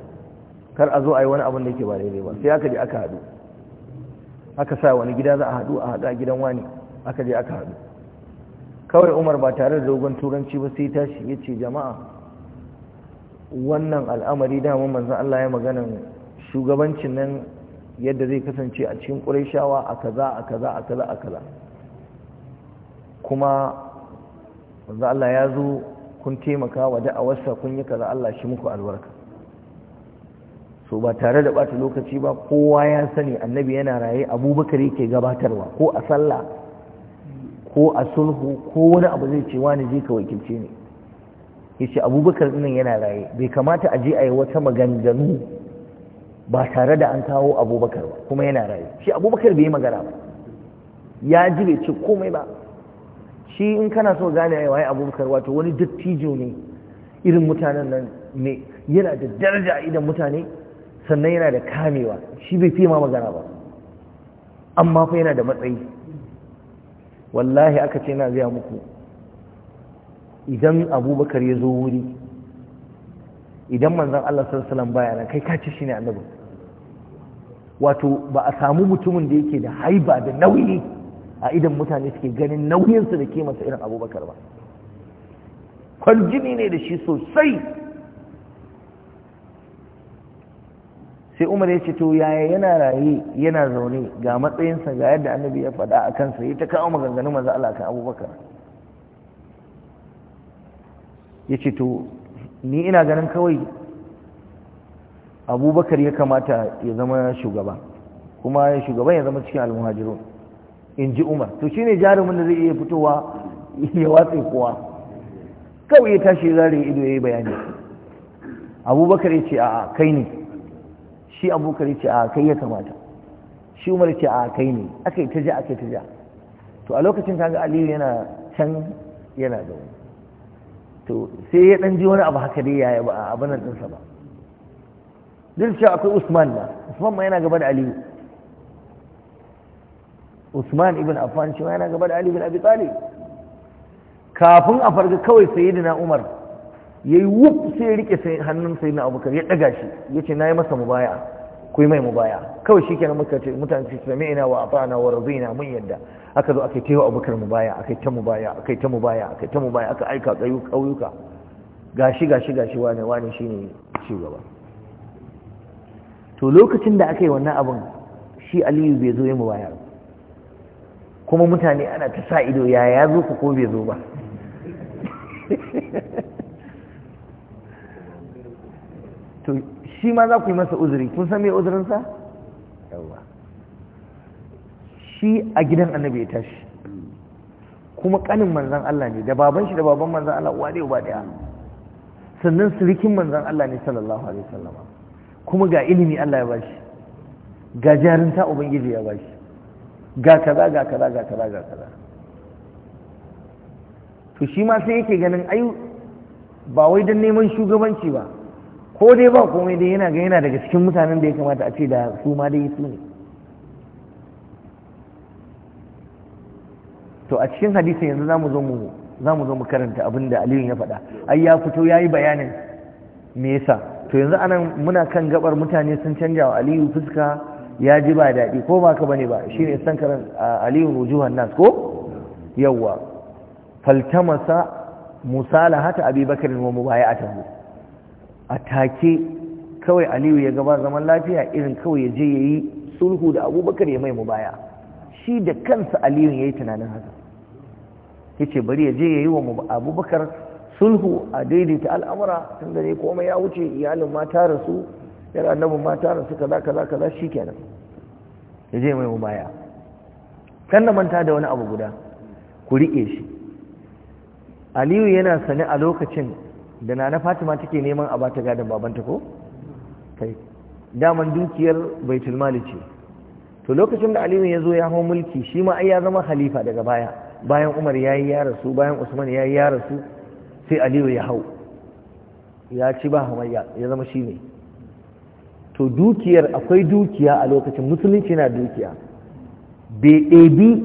kar a zo a yi wani abin da yake ba daidai ba sai aka je aka haɗu aka sa wani gida za a haɗu a haɗu a gidan wani aka je aka haɗu kawai umar ba tare da dogon turanci ba sai tashi ya ce jama'a wannan al'amari dama manzan Allah ya magana shugabancin nan yadda zai kasance a cikin ƙurashawa a kaza a kaza a kaza a kaza kuma wanzu Allah ya zo kun taimaka wa da'awarsa kun yi kaza Allah shi muku albarka so ba tare da bata lokaci ba kowa ya sani annabi yana raye abubakar yake gabatarwa ko a sallah ko a sulhu ko wani abu zai ce wani je ka wakilce ne yace abubakar nan yana raye bai kamata a je a yi wata maganganu ba tare da an kawo abubakar ba kuma yana raye shi abubakar bai yi magana ba ya ji bai ce komai ba shi in kana so gane ai waye abubakar wato wani dattijo ne irin mutanen nan ne yana da daraja a idan mutane sannan yana da kamewa shi bai fi ma magana ba amma fa yana da matsayi wallahi aka ce na gaya muku idan abubakar ya zo wuri idan manzan Allah sallallahu baya nan kai kaci shi ne annabi wato ba a samu mutumin da yake da haiba da nauyi a idan mutane suke ganin nauyinsu da ke masa irin abubakar ba jini ne da shi sosai sai umar ya ce to yaya yana raye yana zaune ga matsayinsa ga yadda annabi ya faɗa a kansa ya ta kawo maganganu maza Allah abubakar ya ce to ni ina ganin kawai abubakar ya kamata ya zama shugaba kuma shugaban ya zama cikin almuhajirun in ji umar to shine jarumin da zai iya fitowa ya watsa kowa kawai ya tashi zare ido ya yi bayani abubakar ya ce a kai ne shi abubakar ya ce a kai ya kamata shi umar ya ce a kai ne aka yi ta ja aka yi ta ja to a lokacin kaga aliyu yana can yana wani. to sai ya ɗan ji wani abu haka dai ya ba a ɗinsa ba duk cewa akwai usman na usman ma yana gaba da aliyu Usman ibn Affan shi yana gaba da Ali ibn Abi Talib kafin a farga kawai sayyidina Umar yayi wuf sai ya rike hannun sayyidina Abubakar ya daga shi yace nayi masa mubaya ku yi mai mubaya kawai shikenan muka ce mutane su sami'ina wa ata'na wa radina mun yadda aka zo aka tewa Abubakar mubaya aka ta mubaya aka ta mubaya aka ta mubaya aka aika kayu kauyuka gashi gashi gashi wane wane shine shugaba to lokacin da aka yi wannan abin shi Aliyu bai zo yi mubaya ba kuma mutane ana ta sa ido ya ya zo ku ko bai zo ba to shi ma za ku yi masa uzuri kun san me uzurinsa yawa shi a gidan annabi ya tashi kuma kanin manzan Allah ne da baban shi da baban manzan Allah uwa ne uba daya sannan surikin manzan Allah ne sallallahu alaihi wasallama kuma ga ilimi Allah ya bashi ga jarinta ubangiji ya bashi ga kaza ga kaza ga kaza ga kaza to shi ma sai yake ganin ai ba wai don neman shugabanci ba ko dai ba komai dai yana ga yana daga cikin mutanen da ya kamata a ce da su ma dai su ne to a cikin hadisi yanzu za mu zo mu za mu zo mu karanta abin da aliyu ya faɗa ai ya fito ya yi bayanin me yasa to yanzu anan muna kan gabar mutane sun canja wa aliyu fuska ya ji ba daɗi ko ba ka bane ba shi ne sankaran Aliyu wujuhan nas ko yawwa faltamasa musala hata abubakar wa mubaya'atahu a take kawai aliyu ya gaba zaman lafiya irin kawai ya je ya yi sulhu da abubakar ya mai mubaya shi da kansa aliyun ya yi tunanin haka ya ce bari ya je ya yi wa abubakar sulhu a daidaita al'amura tun da ne komai ya wuce iyalin mata rasu yar annabin mata rasu kaza kaza kaza shikenan ya je mai mubaya kan da manta da wani abu guda ku rike shi aliyu yana sane a lokacin da nana fatima take neman a bata gadon babanta ko kai daman dukiyar baitul mali ce to lokacin da aliyu ya zo ya hau mulki shi ma ai ya zama khalifa daga baya bayan umar ya yi ya rasu bayan usman ya yi ya rasu sai aliyu ya hau ya ci ba hamayya ya zama shi ne to dukiyar akwai dukiya a lokacin musulunci na dukiya bai ɗabi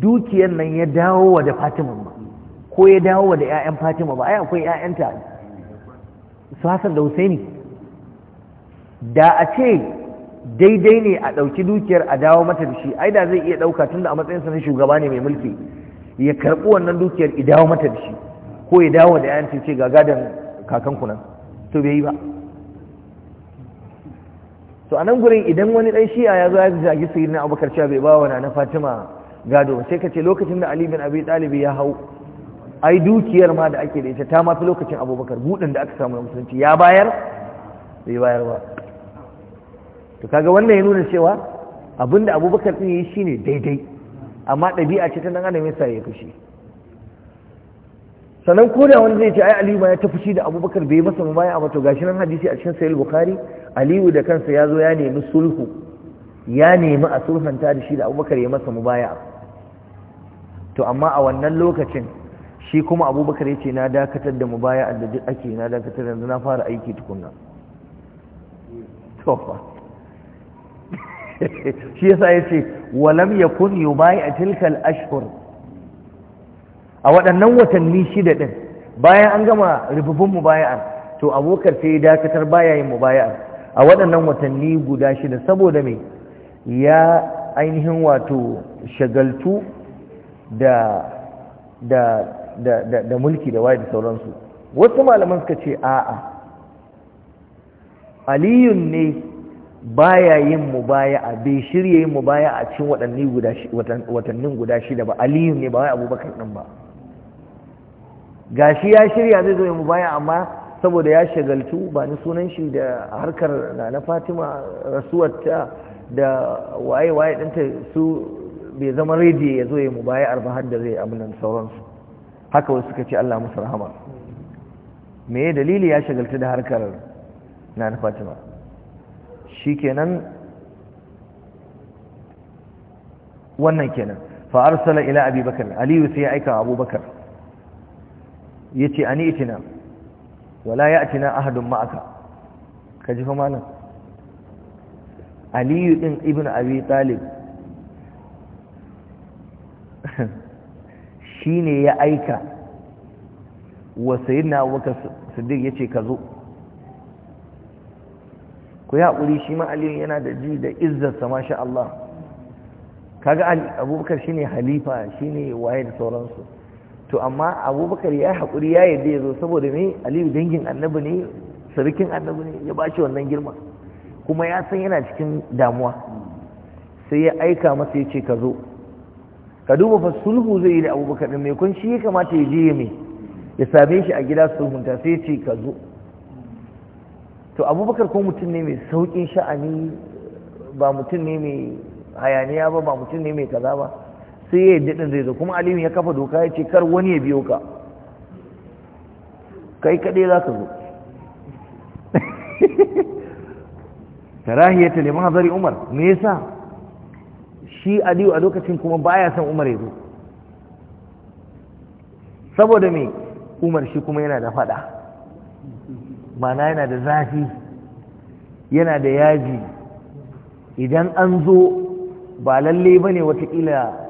dukiyar nan ya dawo wa da fatima ba ko ya dawo wa da 'ya'yan fatima ba ai akwai 'ya'yanta su hasan da husaini da a ce daidai ne a ɗauki dukiyar a dawo mata da shi ai da zai iya ɗauka tun da a matsayinsa na shugaba ne mai mulki ya karɓi wannan dukiyar i dawo mata da shi ko ya dawo da 'ya'yanta ce ga gadon kakanku nan to bai yi ba to a nan gurin idan wani dan shi'a ya zo ya zagi na abubakar cewa bai ba wa na fatima gado sai ka ce lokacin da ali bin abi talib ya hau ai dukiyar ma da ake da ita ta mafi lokacin abubakar budin da aka samu na musulunci ya bayar bai bayar ba to kaga wannan ya nuna cewa abinda abubakar din yi shine daidai amma ɗabi'a ce ta dan adam ya fushi sannan ko da wanda zai ce ai ali ba ya ta fushi da abubakar bai masa baya ba to gashi nan hadisi a cikin sahih bukhari aliyu da kansa ya zo ya nemi sulhu ya nemi a sulhanta da shi da abubakar ya masa mubaya to amma a wannan lokacin shi kuma abubakar ya ce na dakatar da mubaya da duk ake na dakatar da na fara aiki tukunna fa shi yasa ya ce walam ya kun yi bayi a tilkal ashkur a waɗannan watanni shida ɗin bayan an gama rububin mubaya'ar to abokar sai ya dakatar baya yin mubaya'ar a waɗannan watanni guda shida saboda mai ya ainihin wato shagaltu da da da da, da mulki da waye da sauransu wasu malaman suka ce a'a aliyun ne baya yin mu baya a bai shirya yin mu baya a cin watannin guda shida ba aliyun ne ba wai abubakar ɗin ba gashi ya shirya zai zo yin mu baya amma saboda ya shagaltu ba ni sunan shi da harkar na na fatima rasuwarta da waye-waye ɗinta su bai zama rediyo ya zo ya mu baya arbahar da zai abinan sauransu haka wasu suka ce allah musu rahama me ya dalili ya shagaltu da harkar na na fatima shi kenan wannan kenan fa'arsala ila abubakar aliyu sai ya aika abubakar ya ce ani itina wala ya na ahadun ma'aka ka ji fa malam aliyu din ibn abi talib ne ya aika wa sayyidina abubakar siddiq yace ka zo ku yi haƙuri shi ma aliyu yana da ji da izzarsa masha Allah kaga abubakar shine halifa shine waye da sauransu to amma abubakar ya haƙuri ya yarda ya zo saboda me aliyu dangin annabi ne sarkin annabi ne ya bashi wannan girma kuma ya san yana cikin damuwa sai ya aika masa ya ce ka zo ka duba fa sulhu zai yi da abubakar ɗin mai kun shi ya kamata ya je mai ya same shi a gida sulhunta sai ya ce ka zo to abubakar ko mutum ne mai sauƙin sha'ani ba mutum ne mai hayaniya ba ba mutum ne mai kaza ba sai ya yadda zai zo kuma aliyu ya kafa doka ya ce kar wani ya biyo ka kai kaɗai za ka zo karahiyar ta hazari umar me yasa shi aliyu a lokacin kuma baya son umar ya zo saboda me umar shi kuma yana da fada mana yana da zafi yana da yaji idan an zo ba lalle ba ne watakila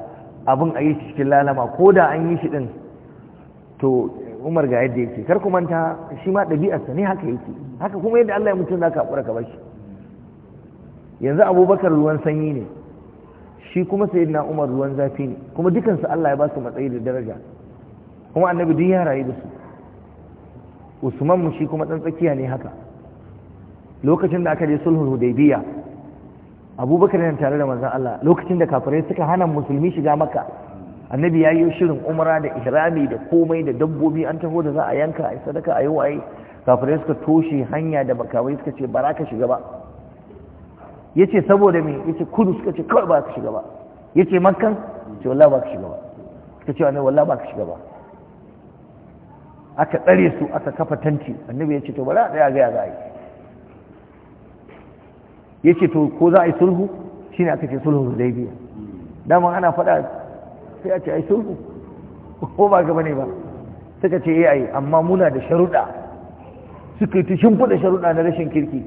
abin a yi cikin lalama ko da an yi shi din to umar ga yadda yake kar ku manta shi ma ɗabi'arsa ne haka yake haka kuma yadda Allah ya mutum za ka haƙura ka bashi yanzu abubakar ruwan sanyi ne shi kuma sayyidina umar ruwan zafi ne kuma dukansu Allah ya ba su matsayi da daraja kuma annabi duk ya rayu da su usman mu shi kuma ɗan tsakiya ne haka lokacin da aka je sulhul hudaybiya abubakar yana tare da mazan Allah lokacin da kafirai suka hana musulmi shiga maka, annabi ya yi shirin umara da ihrami da komai da dabbobi an taho da za a yanka a sadaka a yi wa'ai kafirai suka toshe hanya da bakawai suka ce ba ka shiga ba ya ce saboda me ya ce kudu suka ce kawai ba ka shiga ba ya ce makan ce wallah ba ka shiga ba suka ce annabi wallah ba ka shiga ba aka tsare su aka kafa tanti annabi ya ce to bari a tsaya ga ya za a yi ya ce to ko za a yi sulhu shi ne aka ce sulhu da biya dama ana faɗa sai a ce a yi sulhu ko ba gaba ne ba suka ce ya eh, yi amma muna da sharuɗa suka yi ta shimfiɗa sharuɗa na rashin kirki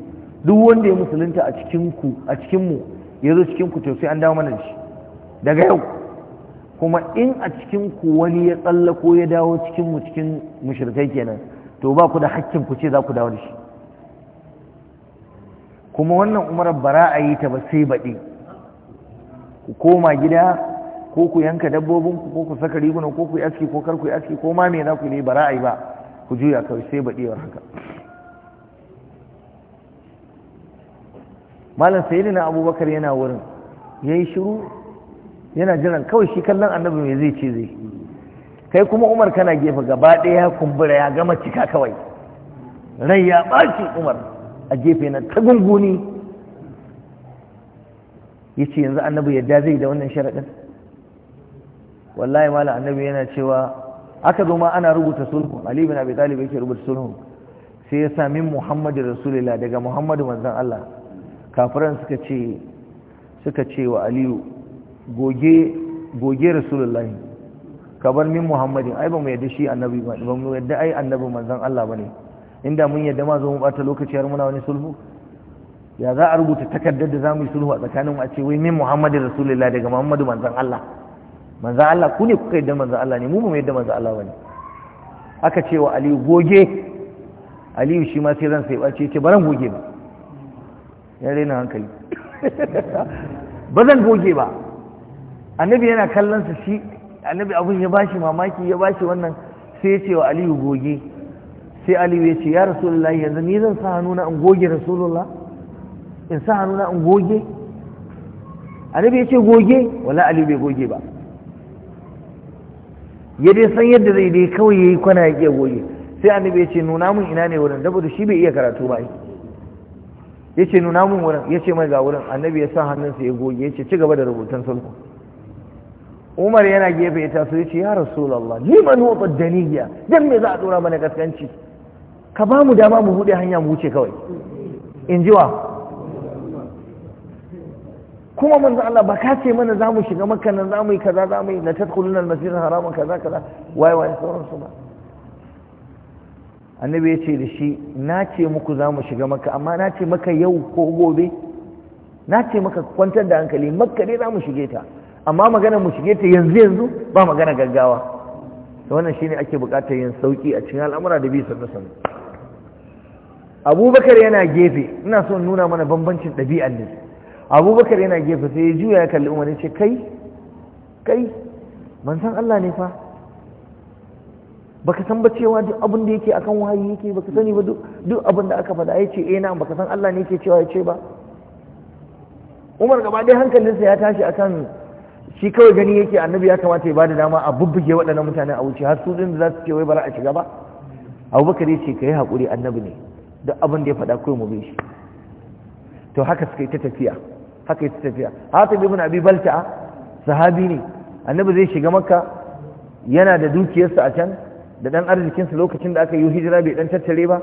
duk wanda ya musulunta a cikinku a cikinmu ya zo cikinku to sai an dawo mana da shi daga yau kuma in a cikinku wani ya tsallako ya dawo cikinmu cikin mushrikai kenan to ba ku da hakkin ku ce za ku dawo da shi kuma wannan umarar bara a yi ta ba sai baɗi ku koma gida ko ku yanka dabbobinku ko ku saka riguna ko ku yi aski ko kar ku yi aski ko ma me za ku yi bara a yi ba ku juya kawai sai baɗi baɗewar haka malam sayyidina abubakar yana wurin ya yi shiru yana jiran kawai shi kallon annabi mai zai ce zai kai kuma umar kana gefe gaba ɗaya ya kumbura ya gama cika kawai rai ya ɓaci umar a gefe na ta gunguni ya ce yanzu annabi yadda zai da wannan sharaɗin wallahi mala annabi yana cewa aka zo ma ana rubuta sulhu. ali bin abi talib yake rubuta sulhu. sai ya sami muhammadu rasulullah daga muhammadu manzan Allah kafiran suka ce suka ce wa aliyu goge goge rasulullah ka bar min muhammadin ai ba mu yadda shi annabi ba mu yadda ai annabi manzan Allah bane inda mun yadda ma zo mu bata lokaci har muna wani sulhu ya za a rubuta takardar da za mu yi sulhu a tsakanin a ce wai min Muhammadu rasulullah daga muhammadu manzan allah manzan allah ku ne kuka yadda manzan allah ne mu ba mu yadda manzan allah bane. aka ce wa aliyu goge aliyu shi ma sai ran sai ɓace ce baran goge ba ya rena hankali ba zan goge ba annabi yana kallon sa shi annabi abun ya bashi mamaki ya bashi wannan sai ya ce wa aliyu goge sai aliyu ya ce ya rasulullahi yanzu ni zan sa hannuna in goge rasulullah in sa hannuna in goge annabi ya ce goge wala aliyu bai goge ba ya dai san yadda zai dai kawai yayi kwana ya goge sai annabi ya ce nuna mun ina ne wurin da shi bai iya karatu ba ya ce nuna mun wurin ya ce mai ga wurin annabi ya sa hannunsa ya goge ya ce ci gaba da rubutun sulhu umar yana gefe ya taso ya ce ya rasulallah liman wata daniya dan me za a dora mana gaskanci ka ba mu dama mu buɗe hanya mu wuce kawai in ji wa kuma manzo Allah ba ka ce mana za mu shiga maka nan za mu yi kaza za mu yi na tadkhuluna almasirin haramun kaza kaza wai waye sauran su ba annabi ya ce da shi na ce muku za mu shiga maka amma na ce maka yau ko gobe na ce maka kwantar da hankali makka ne za mu shige ta amma magana mu shige ta yanzu yanzu ba magana gaggawa wannan shine ake bukatar yin sauki a cikin al'amura da bi sannu sannu abubakar yana gefe ina so nuna mana bambancin ɗabi'an ne abubakar yana gefe sai ya juya ya kalli umar ya ce kai kai san Allah ne fa baka san ba cewa duk abin da yake akan wahayi yake baka sani ba duk abin da aka faɗa ya ce eh na baka san Allah ne yake cewa ya ce ba umar gaba dai hankalinsa ya tashi akan shi kawai gani yake annabi ya kamata ya bada dama a bubbuge waɗannan mutane a wuce har su din da za su ce wai bara a shiga ba abubakar ya ce ka yi haƙuri annabi ne da abin da ya faɗa kawai mu bi shi to haka suka yi ta tafiya haka yi ta tafiya haka ibn abi balta'a sahabi ne annabi zai shiga makka yana da dukiyarsa a can da dan arzikinsa lokacin da aka yi hijira bai dan tattare ba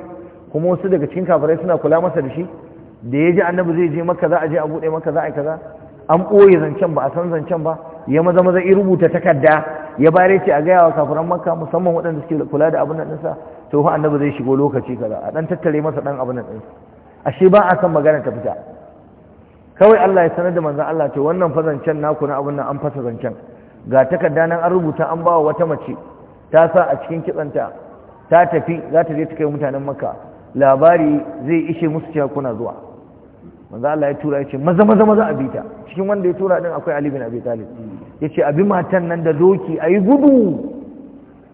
kuma wasu daga cikin kafirai suna kula masa da shi da ya ji annabi zai je makka za a je a buɗe makka za a yi kaza an ɓoye zancen ba a san zancen ba ya maza maza in rubuta takarda ya bare ce a gaya wa kafiran makka musamman waɗanda suke kula da abin nan ɗinsa to fa annabi zai shigo lokaci kaza a dan tattare masa dan abin nan ashe ba a san magana ta fita kawai Allah ya sanar da manzon Allah to wannan fazancen naku na abin nan an fasa zancen ga takarda nan an rubuta an bawa wata mace ta sa a cikin kitsanta ta tafi za ta je ta kai mutanen makka labari zai ishe musu cewa kuna zuwa manzon Allah ya tura ya ce maza maza maza a bita cikin wanda ya tura din akwai Ali bin Abi Talib ya ce abi matan nan da doki ayi gudu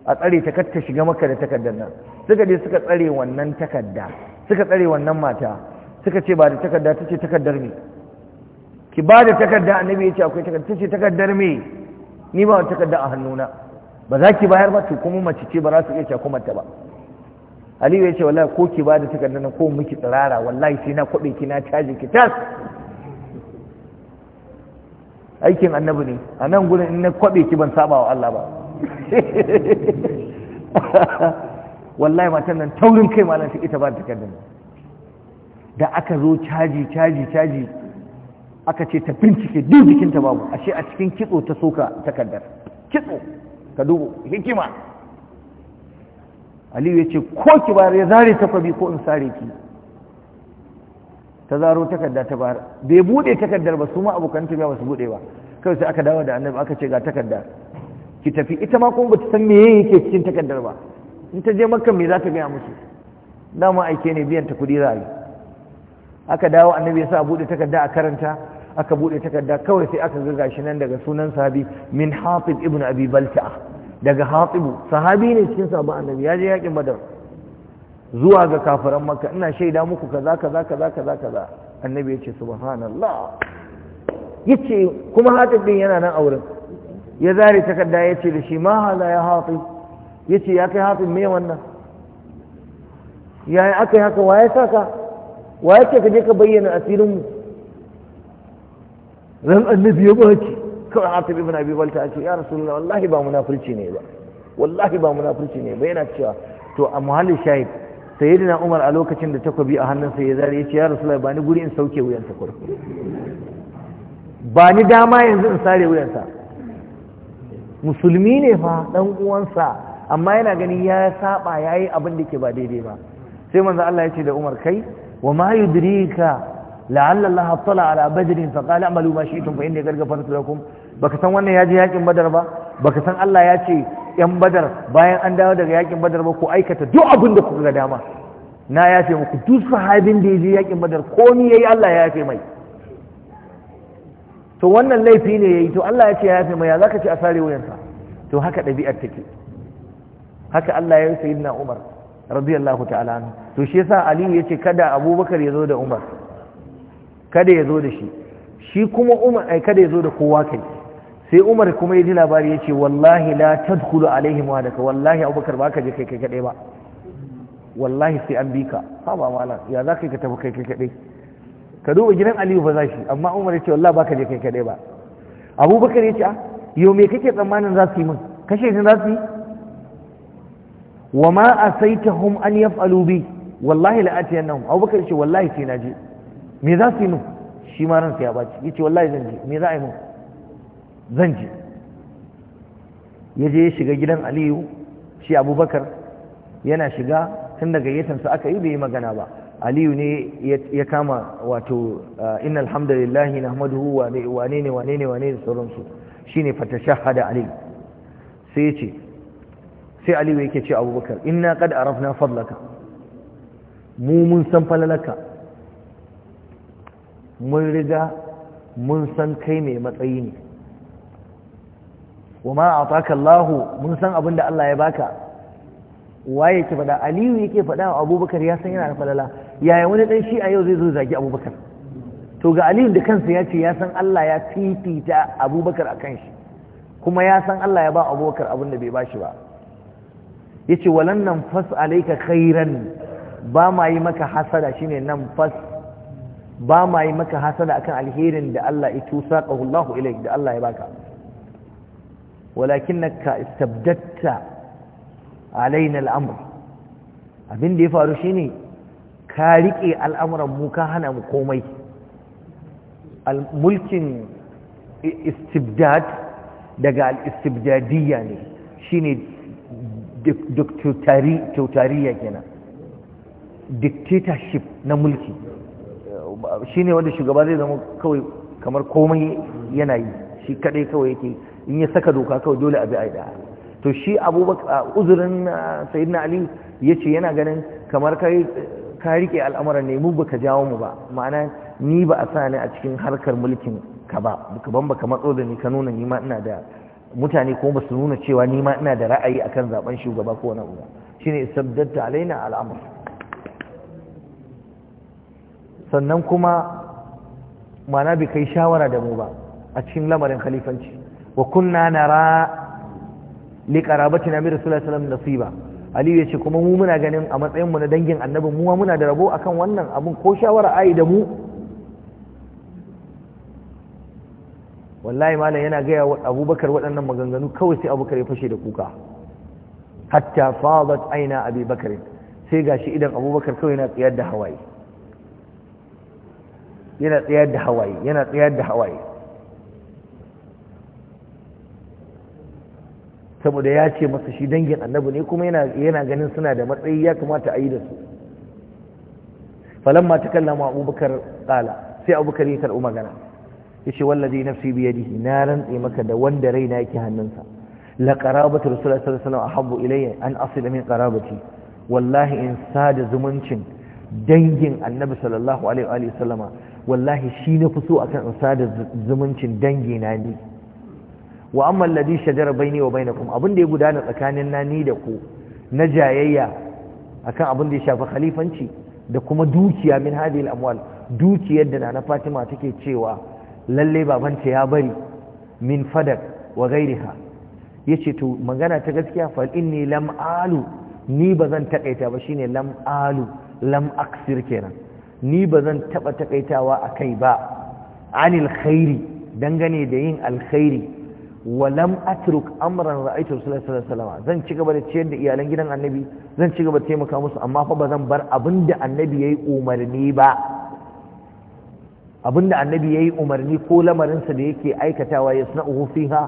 a tsare ta kar ta shiga maka da takardar nan suka je suka tsare wannan takarda suka tsare wannan mata suka ce ba da takarda ta ce takardar me ki ba da takarda annabi ya ce akwai takarda ta ce takardar me ni ba wata takarda a hannuna ba za ki bayar ba to kuma mace ce ba za su iya ta ba aliyu ya ce wallahi ko ki ba da takardar nan ko miki tsirara wallahi sai na kwaɓe ki na caji ki tas aikin annabi ne a nan gurin in na kwaɓe ki ban saba wa Allah ba wallahi matan nan taurin kai malam ta ita ba ta kaddan da aka zo caji caji caji aka ce ta bincike duk jikinta babu ashe a cikin kitso ta soka takardar kitso ka dubo hikima aliyu ya ce ko ki bayar ya zare takwabi ko in sare ki ta zaro takarda ta bayar bai bude takardar ba su ma abokan tafiya ba su bude ba kawai sai aka dawo da annabi aka ce ga takardar ki tafi ita ma kuma bata san meye yake cikin takardar ba in ta je makka me za ta gaya musu dama aike ne biyan ta kudi ra'ayi aka dawo annabi ya sa a buɗe takarda a karanta aka buɗe takarda kawai sai aka ga shi nan daga sunan sahabi min Hafiz ibn abi balta'a daga hatibu sahabi ne cikin sahabban annabi ya je yakin badar zuwa ga kafiran makka ina shaida muku kaza kaza kaza kaza kaza annabi ya ce subhanallah yace kuma hatib din yana nan a wurin ya zare takarda ya ce da shi ma hala ya hafi ya ce ya kai hafi me wannan yi aka yi haka wa ya saka wa ya ce ka je ka bayyana asirinmu ran annabi ya baki kawai hafin ibn abi balta ce ya rasulullah wallahi ba munafurci ne ba wallahi ba munafurci ne ba yana cewa to a muhallin shahid sayyidina umar a lokacin da takobi a hannunsa ya zare ya ce ya rasulullah ba ni guri in sauke wuyan takobi ba ni dama yanzu in sare wuyansa musulmi ne fa dan uwansa amma yana ganin ya saba yayi abin da ke ba daidai ba sai manzo Allah ya ce da Umar kai wa ma yudrika la'alla Allah tala ala badrin fa qala amalu ma shi'tum fa inni qad lakum baka san wannan yaji yakin badar ba baka san Allah ya ce yan badar bayan an dawo daga yakin badar ba ku aikata duk abin da kuka ga dama na yafe muku duk sahabin da yaji yakin badar komai yayi Allah ya yafe mai to wannan laifi ne yayi to Allah ya ce ya yafe mai ya zaka ce a sare wuyansa to haka ɗabi'ar take haka Allah ya yi sayyidina Umar radiyallahu ta'ala anhu to shi yasa Ali yace kada Abubakar ya zo da Umar kada ya zo da shi shi kuma Umar ai kada ya zo da kowa kai sai Umar kuma ya ji labari yace wallahi la tadkhulu alaihim wa daka wallahi Abubakar ba ka je kai kai kadai ba wallahi sai an bika ha ba malam ya zaka ka tafi kai kai kadai ka duba gidan aliyu ba za shi amma umar ya ce wallah ba ka je kai kaɗai ba abubakar ya ce a ah, yau me kake tsammanin za su yi min kashe ni za su yi wa ma asaitahum an yaf'alu bi wallahi la atiyannahum abubakar ya ce wallahi sai na je me za su yi min shi ma ransa ya baci ya ce wallahi zan je me za a yi min zan je ya je ya shiga gidan aliyu shi abubakar yana shiga tun da su aka yi bai yi magana ba aliyu ne ya kama wato uh, inna alhamdulillahi nahmaduhu wa ne ne wane ne wane ne sauransu shine fatashahada aliyu sai ce sai aliyu yake ce abubakar inna qad arafna fadlaka mu mun san falalaka mun riga mun san kai mai matsayi ne wa ma ataka Allahu mun san abin da Allah ya baka waye ke fada aliyu yake fada abubakar ya san yana da falala yaya wani dan shi a yau zai zo zagi abubakar to ga aliyu da kansa ya ce ya san Allah ya fifita abubakar a kan kuma ya san Allah ya ba abubakar abin da bai ba shi ba ya ce walan nan fas alaika khairan ba ma yi maka hasada shine nan fas ba ma yi maka hasada akan alherin da Allah ya tusa ƙahullahu ilai da Allah ya baka walakin ka istabdatta alainal Amur abin da ya faru shine ka riƙe al'amuran mu ka hana mu komai mulkin istibdad daga al'istibdadiyya ne shi ne diktatariya kenan dictatorship na mulki shi ne wanda shugaba zai zama kawai kamar komai yana yi shi kadai kawai yake in ya saka doka kawai dole abu aida to shi a uzurin sayyidina ali ya ce yana ganin kamar kai ka riƙe al'amuran ne mu baka jawo mu ba ma'ana ni ba a sa ni a cikin harkar mulkin ka ba ban baka matso da ni ka nuna ni ma ina da mutane ko ba su nuna cewa ni ma ina da ra'ayi akan zaben shugaba ko wani abu shine sabdatta alaina al'amur. sannan kuma ma'ana bai kai shawara da mu ba a cikin lamarin khalifanci wa kunna nara li bi rasulullahi sallallahu alaihi wasallam nasiba aliyu ya ce kuma mu muna ganin a matsayin mu na dangin annabin mu muna da rabo kan wannan abun ko shawara ayi da mu wallahi malam yana gaya wa abubakar waɗannan maganganu kawai sai abubakar ya fashe da kuka hatta fadat aina bakar sai gashi idan abubakar kawai yana tsayar da hawaye yana tsayar da hawaye yana tsayar da hawaye saboda ya ce masa shi dangin annabi ne kuma yana ganin suna da matsayi ya kamata a yi da su falamma ta kallama abubakar kala sai abubakar ya karɓi magana ya ce wallazi nafsi biyadihi na rantse maka da wanda raina yake hannunsa la qarabatu rasulullahi sallallahu alaihi wasallam ahabbu ilayya an asila min qarabati wallahi in sada zumuncin dangin annabi sallallahu alaihi wallahi shi na fi so akan in sada zumuncin na ne wa amma alladhi shajara baini wa bainakum abin da ya gudana tsakanin na ni da ku na jayayya akan abin da ya shafi khalifanci da kuma dukiya min hadhihi al-amwal dukiyar da na Fatima take cewa lalle babanta ya bari min fadak wa ghairiha yace to magana ta gaskiya faɗin inni lam alu ni bazan takaita ba shine lam alu lam aksir kenan ni bazan taba takaitawa akai ba anil khairi dangane da yin alkhairi Walam atruk amran ra'aytu sallallahu alaihi wasallam zan ci gaba da ciyar da iyalan gidan annabi zan ci gaba da taimaka musu amma fa ba zan bar abinda annabi yayi umarni ba abinda annabi yayi umarni ko lamarin sa da yake aikatawa ya yasna'uhu fiha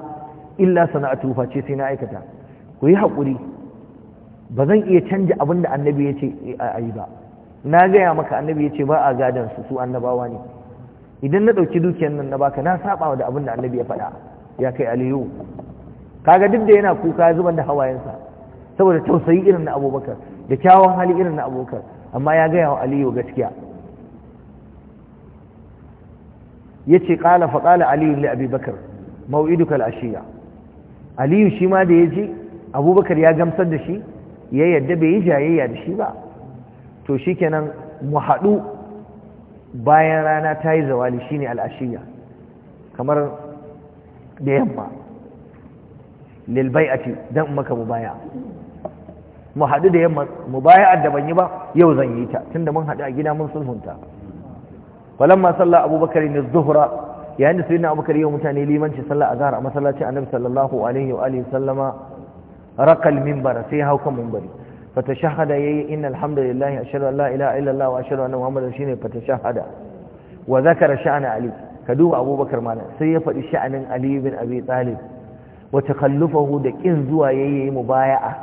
illa sana'atu fa ce sai na aikata ku yi hakuri ba zan iya canja abinda annabi yace ayi ba na gaya maka annabi yace ba a gadan su su annabawa ne idan na dauki dukiyar nan na baka na saba da abinda annabi ya faɗa ya kai aliyu kaga duk da yana kuka ya zuban da hawayensa saboda tausayi irin na abubakar da kyawun hali irin na abubakar amma ya gaya wa aliyu gaskiya ya ce ƙala faƙala aliyu li abubakar mau'iduka al'ashiya aliyu shi ma da ya ji abubakar ya gamsar da shi ya yadda bai yi jayayya da shi ba to shi kenan mu haɗu bayan rana ta yi zawali shine al'ashiya kamar da yamma lil bai'ati dan maka mubaya mu haɗu da yamma mubaya'ar da ban yi ba yau zan yi ta tunda mun haɗu a gida mun sulhunta falamma sallah abubakar ne zuhra yayin da sayyidina abubakar yau mutane limanci sallah azhar a masallaci annabi sallallahu alaihi wa alihi sallama raqal minbar sai hauka minbari fatashahada yayi innal hamdalillah ashhadu an la ilaha illallah wa ashhadu anna muhammadan shine fatashahada wa zakara sha'na ali ka duba abubakar mana sai ya faɗi sha'anin aliyu bin abi talib kallufa takhallufahu da ƙin zuwa yayi mubaya'a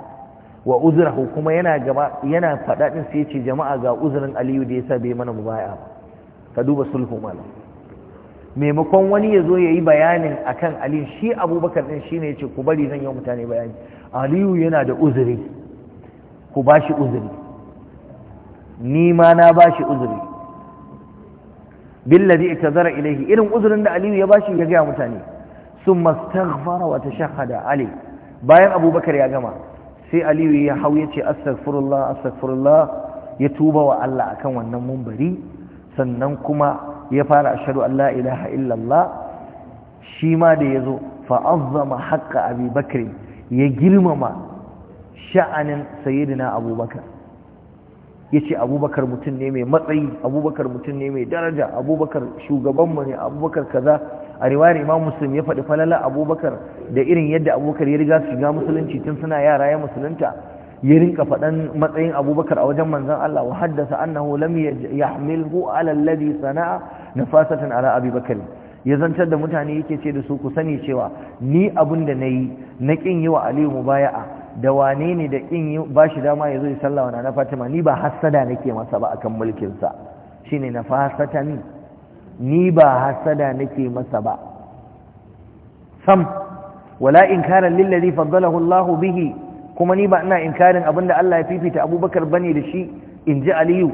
wa uzrahu kuma yana faɗaɗin sai ce jama'a ga uzurin aliyu da ya sa bai mana mu ba ka duba sulhu mana maimakon wani ya zo ya yi bayanin a kan aliyu shi abubakar ɗin shine ya ce ku bari zan yi mutane bayani aliyu yana da uzuri ku ba shi uzuri ni ma na ba shi uzuri billazi itazara ilaihi irin uzurin da aliyu ya bashi ya gaya mutane summa astaghfara wa tashahhada ali bayan abubakar ya gama sai aliyu ya hau ya ce astaghfirullah astaghfirullah ya tuba wa Allah akan wannan mumbari sannan kuma ya fara ashhadu an la ilaha illallah shi ma da yazo fa azzama haqqa abubakar ya girmama sha'anin sayyidina abubakar ya ce abubakar mutum ne mai matsayi abubakar mutum ne mai daraja abubakar shugabanmu ne abubakar kaza a riwayar imam muslim ya faɗi falala abubakar da irin yadda abubakar ya riga shiga musulunci tun suna yara ya musulunta ya rinka faɗan matsayin abubakar a wajen manzan Allah wa haddasa annahu lam yahmilhu ala alladhi sana'a nafasatan ala Abibakar. ya zantar da mutane yake ce da su ku sani cewa ni abin da nayi na kin yi wa aliyu mubaya'a da wane ne da kin ba shi dama ya zo ya sallawa na Fatima ni ba hassada nake masa ba akan mulkinsa. sa shine na fasatani ni ba hassada nake masa ba sam wala inkaran lillazi faddalahu Allahu bihi kuma ni ba ina inkarin abinda Allah ya fifita Abubakar bane da shi inji Aliyu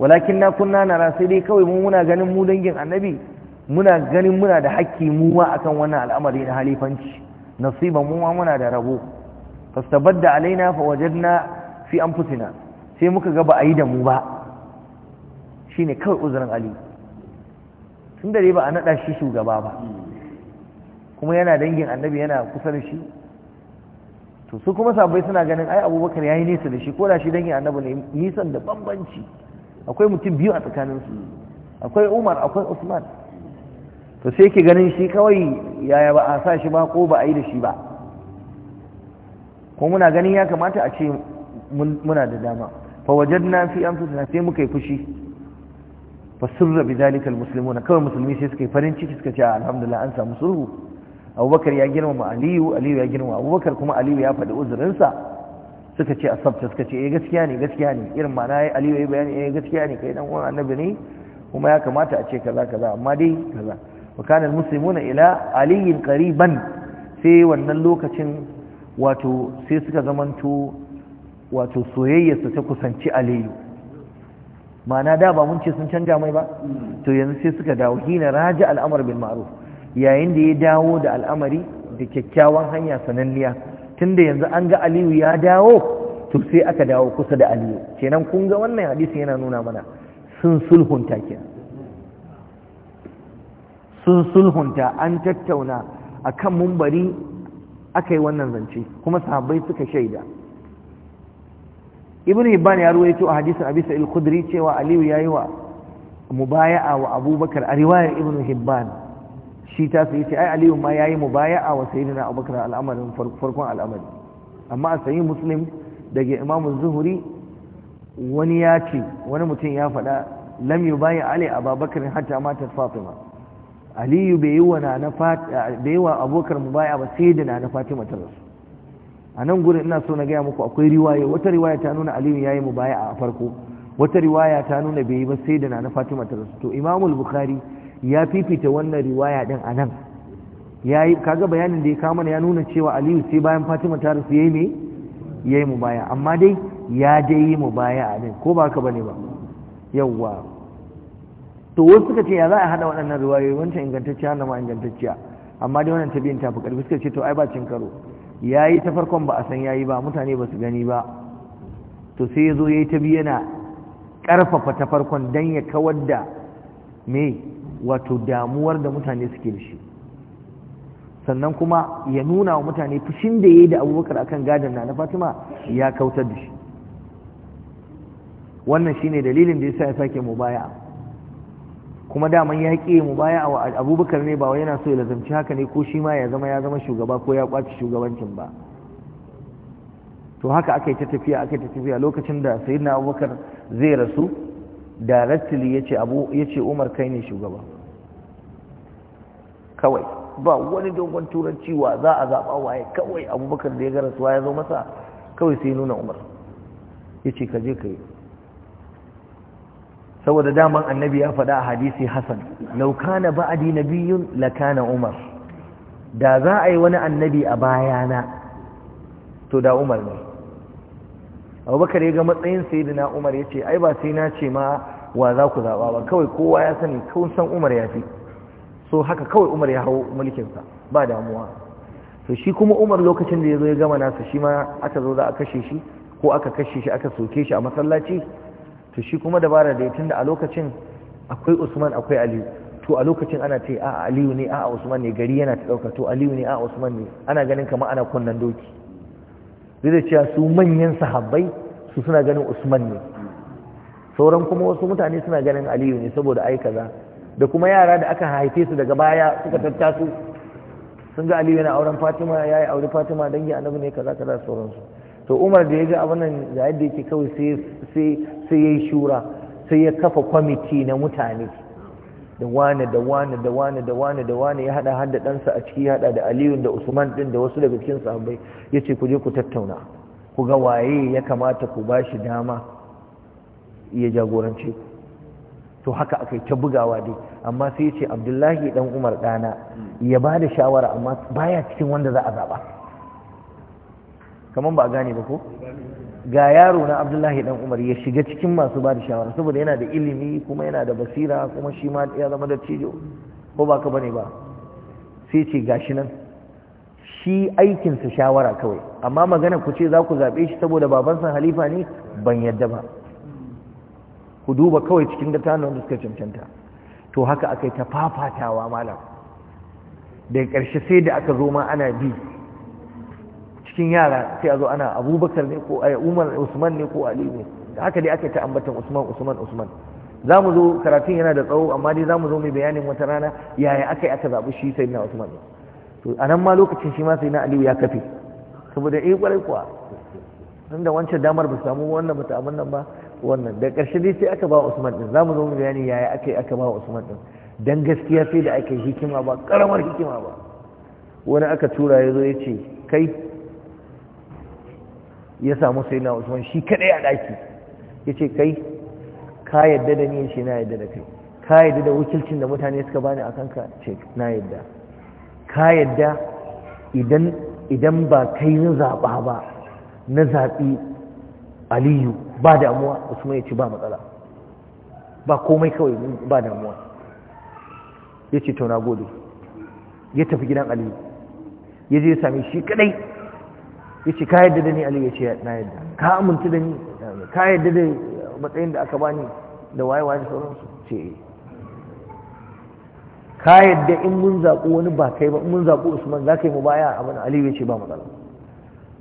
walakin na kunna nara sai dai kawai mu muna ganin mu dangin Annabi muna ganin muna da hakki mu ma akan wannan al'amari na halifanci nasiba mu ma muna da rabo fastabadda alaina fa wajadna fi anfusina sai muka ga ba a yi da mu ba shine kawai uzurin ali tun da ba a naɗa shi shugaba ba kuma yana dangin annabi yana kusa da shi to su kuma sabai suna ganin ai abubakar ya yi nesa da shi ko da shi dangin annabi ne nisan da bambanci akwai mutum biyu a tsakaninsu akwai umar akwai usman to sai ke ganin shi kawai yaya ba a sa shi ba ko ba a yi da shi ba ko muna ganin ya kamata a ce muna da dama fa wajadna fi anfusina sai muka yi fushi fa sirra bidhalika almuslimuna kawai musulmi sai suka yi farin ciki suka ce alhamdulillah an samu sulhu abubakar ya girmama aliyu aliyu ya girmama abubakar kuma aliyu ya faɗi uzurinsa suka ce asabta suka ce eh gaskiya ne gaskiya ne irin ma'ana ya aliyu ya bayani eh gaskiya ne kai dan uwan annabi ne kuma ya kamata a ce kaza kaza amma dai kaza wa kana almuslimuna ila aliyin qariban sai wannan lokacin wato sai suka zamanto wato soyayyarsa ta kusanci aliyu ma'ana da ba mun ce sun canja mai ba to yanzu sai suka dawo hina raja al'amar bin ma'ruf yayin da ya dawo da al'amari da kyakkyawan hanya sananniya tunda yanzu an ga aliyu ya dawo to sai aka dawo kusa da aliyu kenan kun ga wannan hadisi yana nuna mana sun sulhunta kenan sun sulhunta an tattauna akan mumbari aka yi wannan zance kuma sahabbai suka shaida ibn hibban ya ruwaito a hadisin abi sa'il khudri cewa aliyu yayi wa mubaya'a wa abubakar a riwayar ibn hibban shi ta sai ce ai aliyu ma yayi mubaya'a wa sayyidina abubakar al'amarin farkon al'amari amma a sayi muslim daga imam zuhuri wani ya ce wani mutum ya faɗa lam yubayi ali abubakar hatta matat fatima aliyu bai yi wa abokar mu baya ba sai da na fatima ta rasu a nan gurin ina so na gaya muku akwai riwaya wata riwaya ta nuna aliyu ya yi mu baya a farko wata riwaya ta nuna bai yi ba sai da na fatima ta rasu to imamul bukhari ya fifita wannan riwaya din a nan ya yi kaga bayanin da ya kama ya nuna cewa aliyu sai bayan fatima ta rasu ya yi me ya yi mu baya amma dai ya dai yi mu baya a nan ko ba ka bane ba yawwa to wasu suka ce ya za a hada waɗannan ruwayoyi wancan ingantacciya na ma ingantacciya amma dai wannan tabi'in ta fi ƙarfi suka ce to ai ba cin karo ya yi ta farkon ba a san ya yi ba mutane ba su gani ba to sai ya zo ya yi ta biyu yana ƙarfafa ta farkon don ya kawar da me wato damuwar da mutane suke da shi sannan kuma ya nuna wa mutane fushin da ya yi da abubakar akan gadon na na fatima ya kautar da shi wannan shine dalilin da ya sa ya sake mu baya kuma daman ya ƙi mu baya a abubakar ne ba wai yana so ya lazamci haka ne ko shi ma ya zama ya zama shugaba ko ya kwaci shugabancin ba to haka aka yi ta tafiya aka yi ta tafiya lokacin da sayyidina abubakar zai rasu directly yace abu ce umar kai ne shugaba kawai ba wani dogon turanci wa za a zaɓa waye kawai abubakar da ya ga rasuwa ya zo masa kawai sai nuna umar ce ka je ka yi saboda daman annabi ya faɗa a hadisi hassan lau na ba'adi nabiyyun lakana umar da za a yi wani annabi a bayana to da umar ne abubakar ya ga matsayin na umar ya ce ai ba sai na ce ma wa za ku zaɓa ba kawai kowa ya sani kun san umar ya fi so haka kawai umar ya hau mulkinsa ba damuwa to shi kuma umar lokacin da ya zo ya gama nasa shi ma aka zo za a kashe shi ko aka kashe shi aka soke shi a masallaci to shi kuma dabara da tunda a lokacin akwai Usman akwai Aliyu to a lokacin ana ce a Aliyu ne a Usman ne gari yana ta dauka to Aliyu ne a Usman ne ana ganin kamar ana kunnan doki zai cewa su manyan sahabbai su suna ganin Usman ne sauran kuma wasu mutane suna ganin Aliyu ne saboda ai kaza da kuma yara da aka haife su daga baya suka tattaso sun ga Aliyu yana auren Fatima yayi aure Fatima dangi annabi ne kaza kaza sauransu to umar da ya ji abin nan da yadda yake kawai sai ya yi shura sai ya kafa kwamiti na mutane da wane da wane da wane da wane da wane ya hada hada ɗansa a ciki hada da aliyu da usman din da wasu daga cikin sahabbai ya ce ku je ku tattauna ku ga waye ya kamata ku ba shi dama ya jagorance ku to haka aka yi ta bugawa dai amma sai ya ce abdullahi dan umar ɗana ya ba da shawara amma baya cikin wanda za a zaɓa kamar ba a gane ba ko ga yaro na abdullahi dan umar ya shiga cikin masu ba da shawara saboda yana da ilimi kuma yana da basira kuma shi ma ya zama da cijo ko ba ka bane ba sai ce gashi nan shi aikinsa shawara kawai amma magana ku ce za ku zaɓe shi saboda babansa halifa ne ban yadda ba ku duba kawai cikin da tanon da suka cancanta to haka aka yi ta fafatawa malam daga ƙarshe sai da aka zo ma ana bi cikin yara sai a zo ana abubakar ne ko a eh, umar usman ne ko ali ne da haka dai ake ta ambatan usman usman usman za mu zo karatun yana da tsawo amma dai za mu zo mai bayanin wata rana yaya aka yi aka zaɓi shi sai na usman ne to a nan ma lokacin shi ma sai na aliyu ya kafe saboda eh kwarai kuwa tun da wancan damar ba samu wannan ba ta nan ba wannan da ƙarshe dai sai aka ba usman din za mu zo mai bayanin yaya aka yi aka ba usman din dan gaskiya sai da aka yi hikima ba ƙaramar hikima ba wani aka tura ya zo ya ce kai ya samu sai na usman shi kadai a daki ya ce kai ka yadda da ni shi na yadda da kai ka yadda da wakilcin da mutane suka bani a kanka ce na yadda ka yadda idan idan ba kai na zaɓa ba na zaɓi aliyu ba damuwa usman ya ce ba matsala ba komai kawai ba damuwa ya ce to na gode ya tafi gidan aliyu ya je ya same shi kadai yace ka yadda da ni ali yace na yadda ka amince da ni ka yadda da matsayin da aka bani da waye waye sauransu ce eh. ka yadda in mun zaku wani ba kai ba in mun zaku usman za ka yi mu baya abin ali yace ba matsala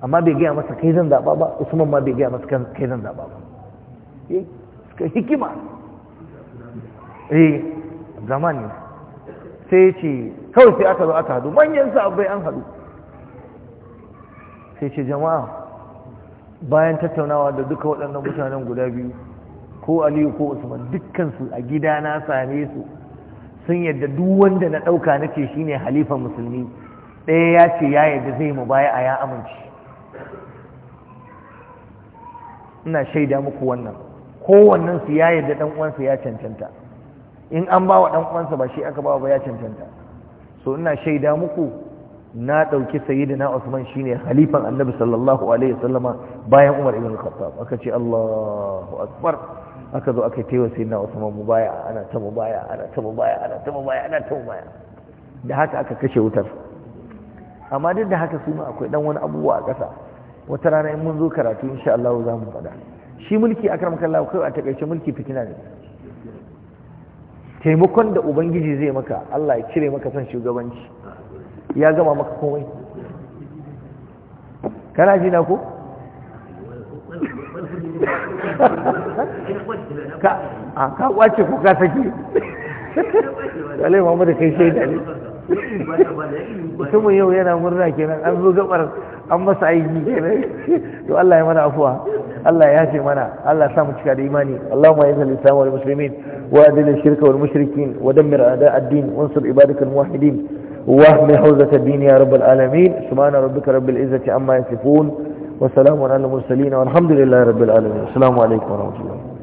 amma bai gaya masa kai zan zaɓa ba usman ma bai gaya masa kai zan zaɓa ba eh, suka hikima eh zamani sai ce kawai sai aka zo aka hadu manyan sabbai an hadu sai ce jama'a bayan tattaunawa da duka waɗannan mutanen guda biyu ko aliyu ko usman dukkansu a gida na same su sun yadda duk wanda na ɗauka na ce shine halifan musulmi ɗaya ya ce ya yadda zai mu baya a ya amince ina shaida muku wannan kowannen su ya yadda ɗan uwansa ya cancanta in an ba wa ɗan uwansa ba shi aka ba ba ya cancanta so ina shaida muku na ɗauki sayyidina Usman shine halifan Annabi sallallahu alaihi wasallama bayan Umar ibn Khattab aka ce Allahu akbar aka zo aka tewa sayyidina Usman mubaya ana ta mubaya ana ta mubaya ana ta mubaya ana ta mubaya da haka aka kashe wutar amma duk da haka su ma akwai dan wani abubuwa a ƙasa wata rana in mun zo karatu insha Allah za mu faɗa shi mulki akram kallahu kai a takaice mulki fitina ne taimakon da ubangiji zai maka Allah ya cire maka son shugabanci ya gama maka komai kana ji na ko ka kwace ko ka saki lalai da kai shaida ne mutumin yau yana murna kenan an zo gabar an masa aiki kenan to Allah ya mana afuwa Allah ya ce mana Allah sa mu cika da imani Allahumma ya zali samu wal muslimin wa adil shirka wal mushrikin wa dammir a'da ad-din wansur ibadakal muwahhidin وهم حوزة الدين يا رب العالمين سبحان ربك رب العزة عما يصفون وسلام على المرسلين والحمد لله رب العالمين السلام عليكم ورحمة الله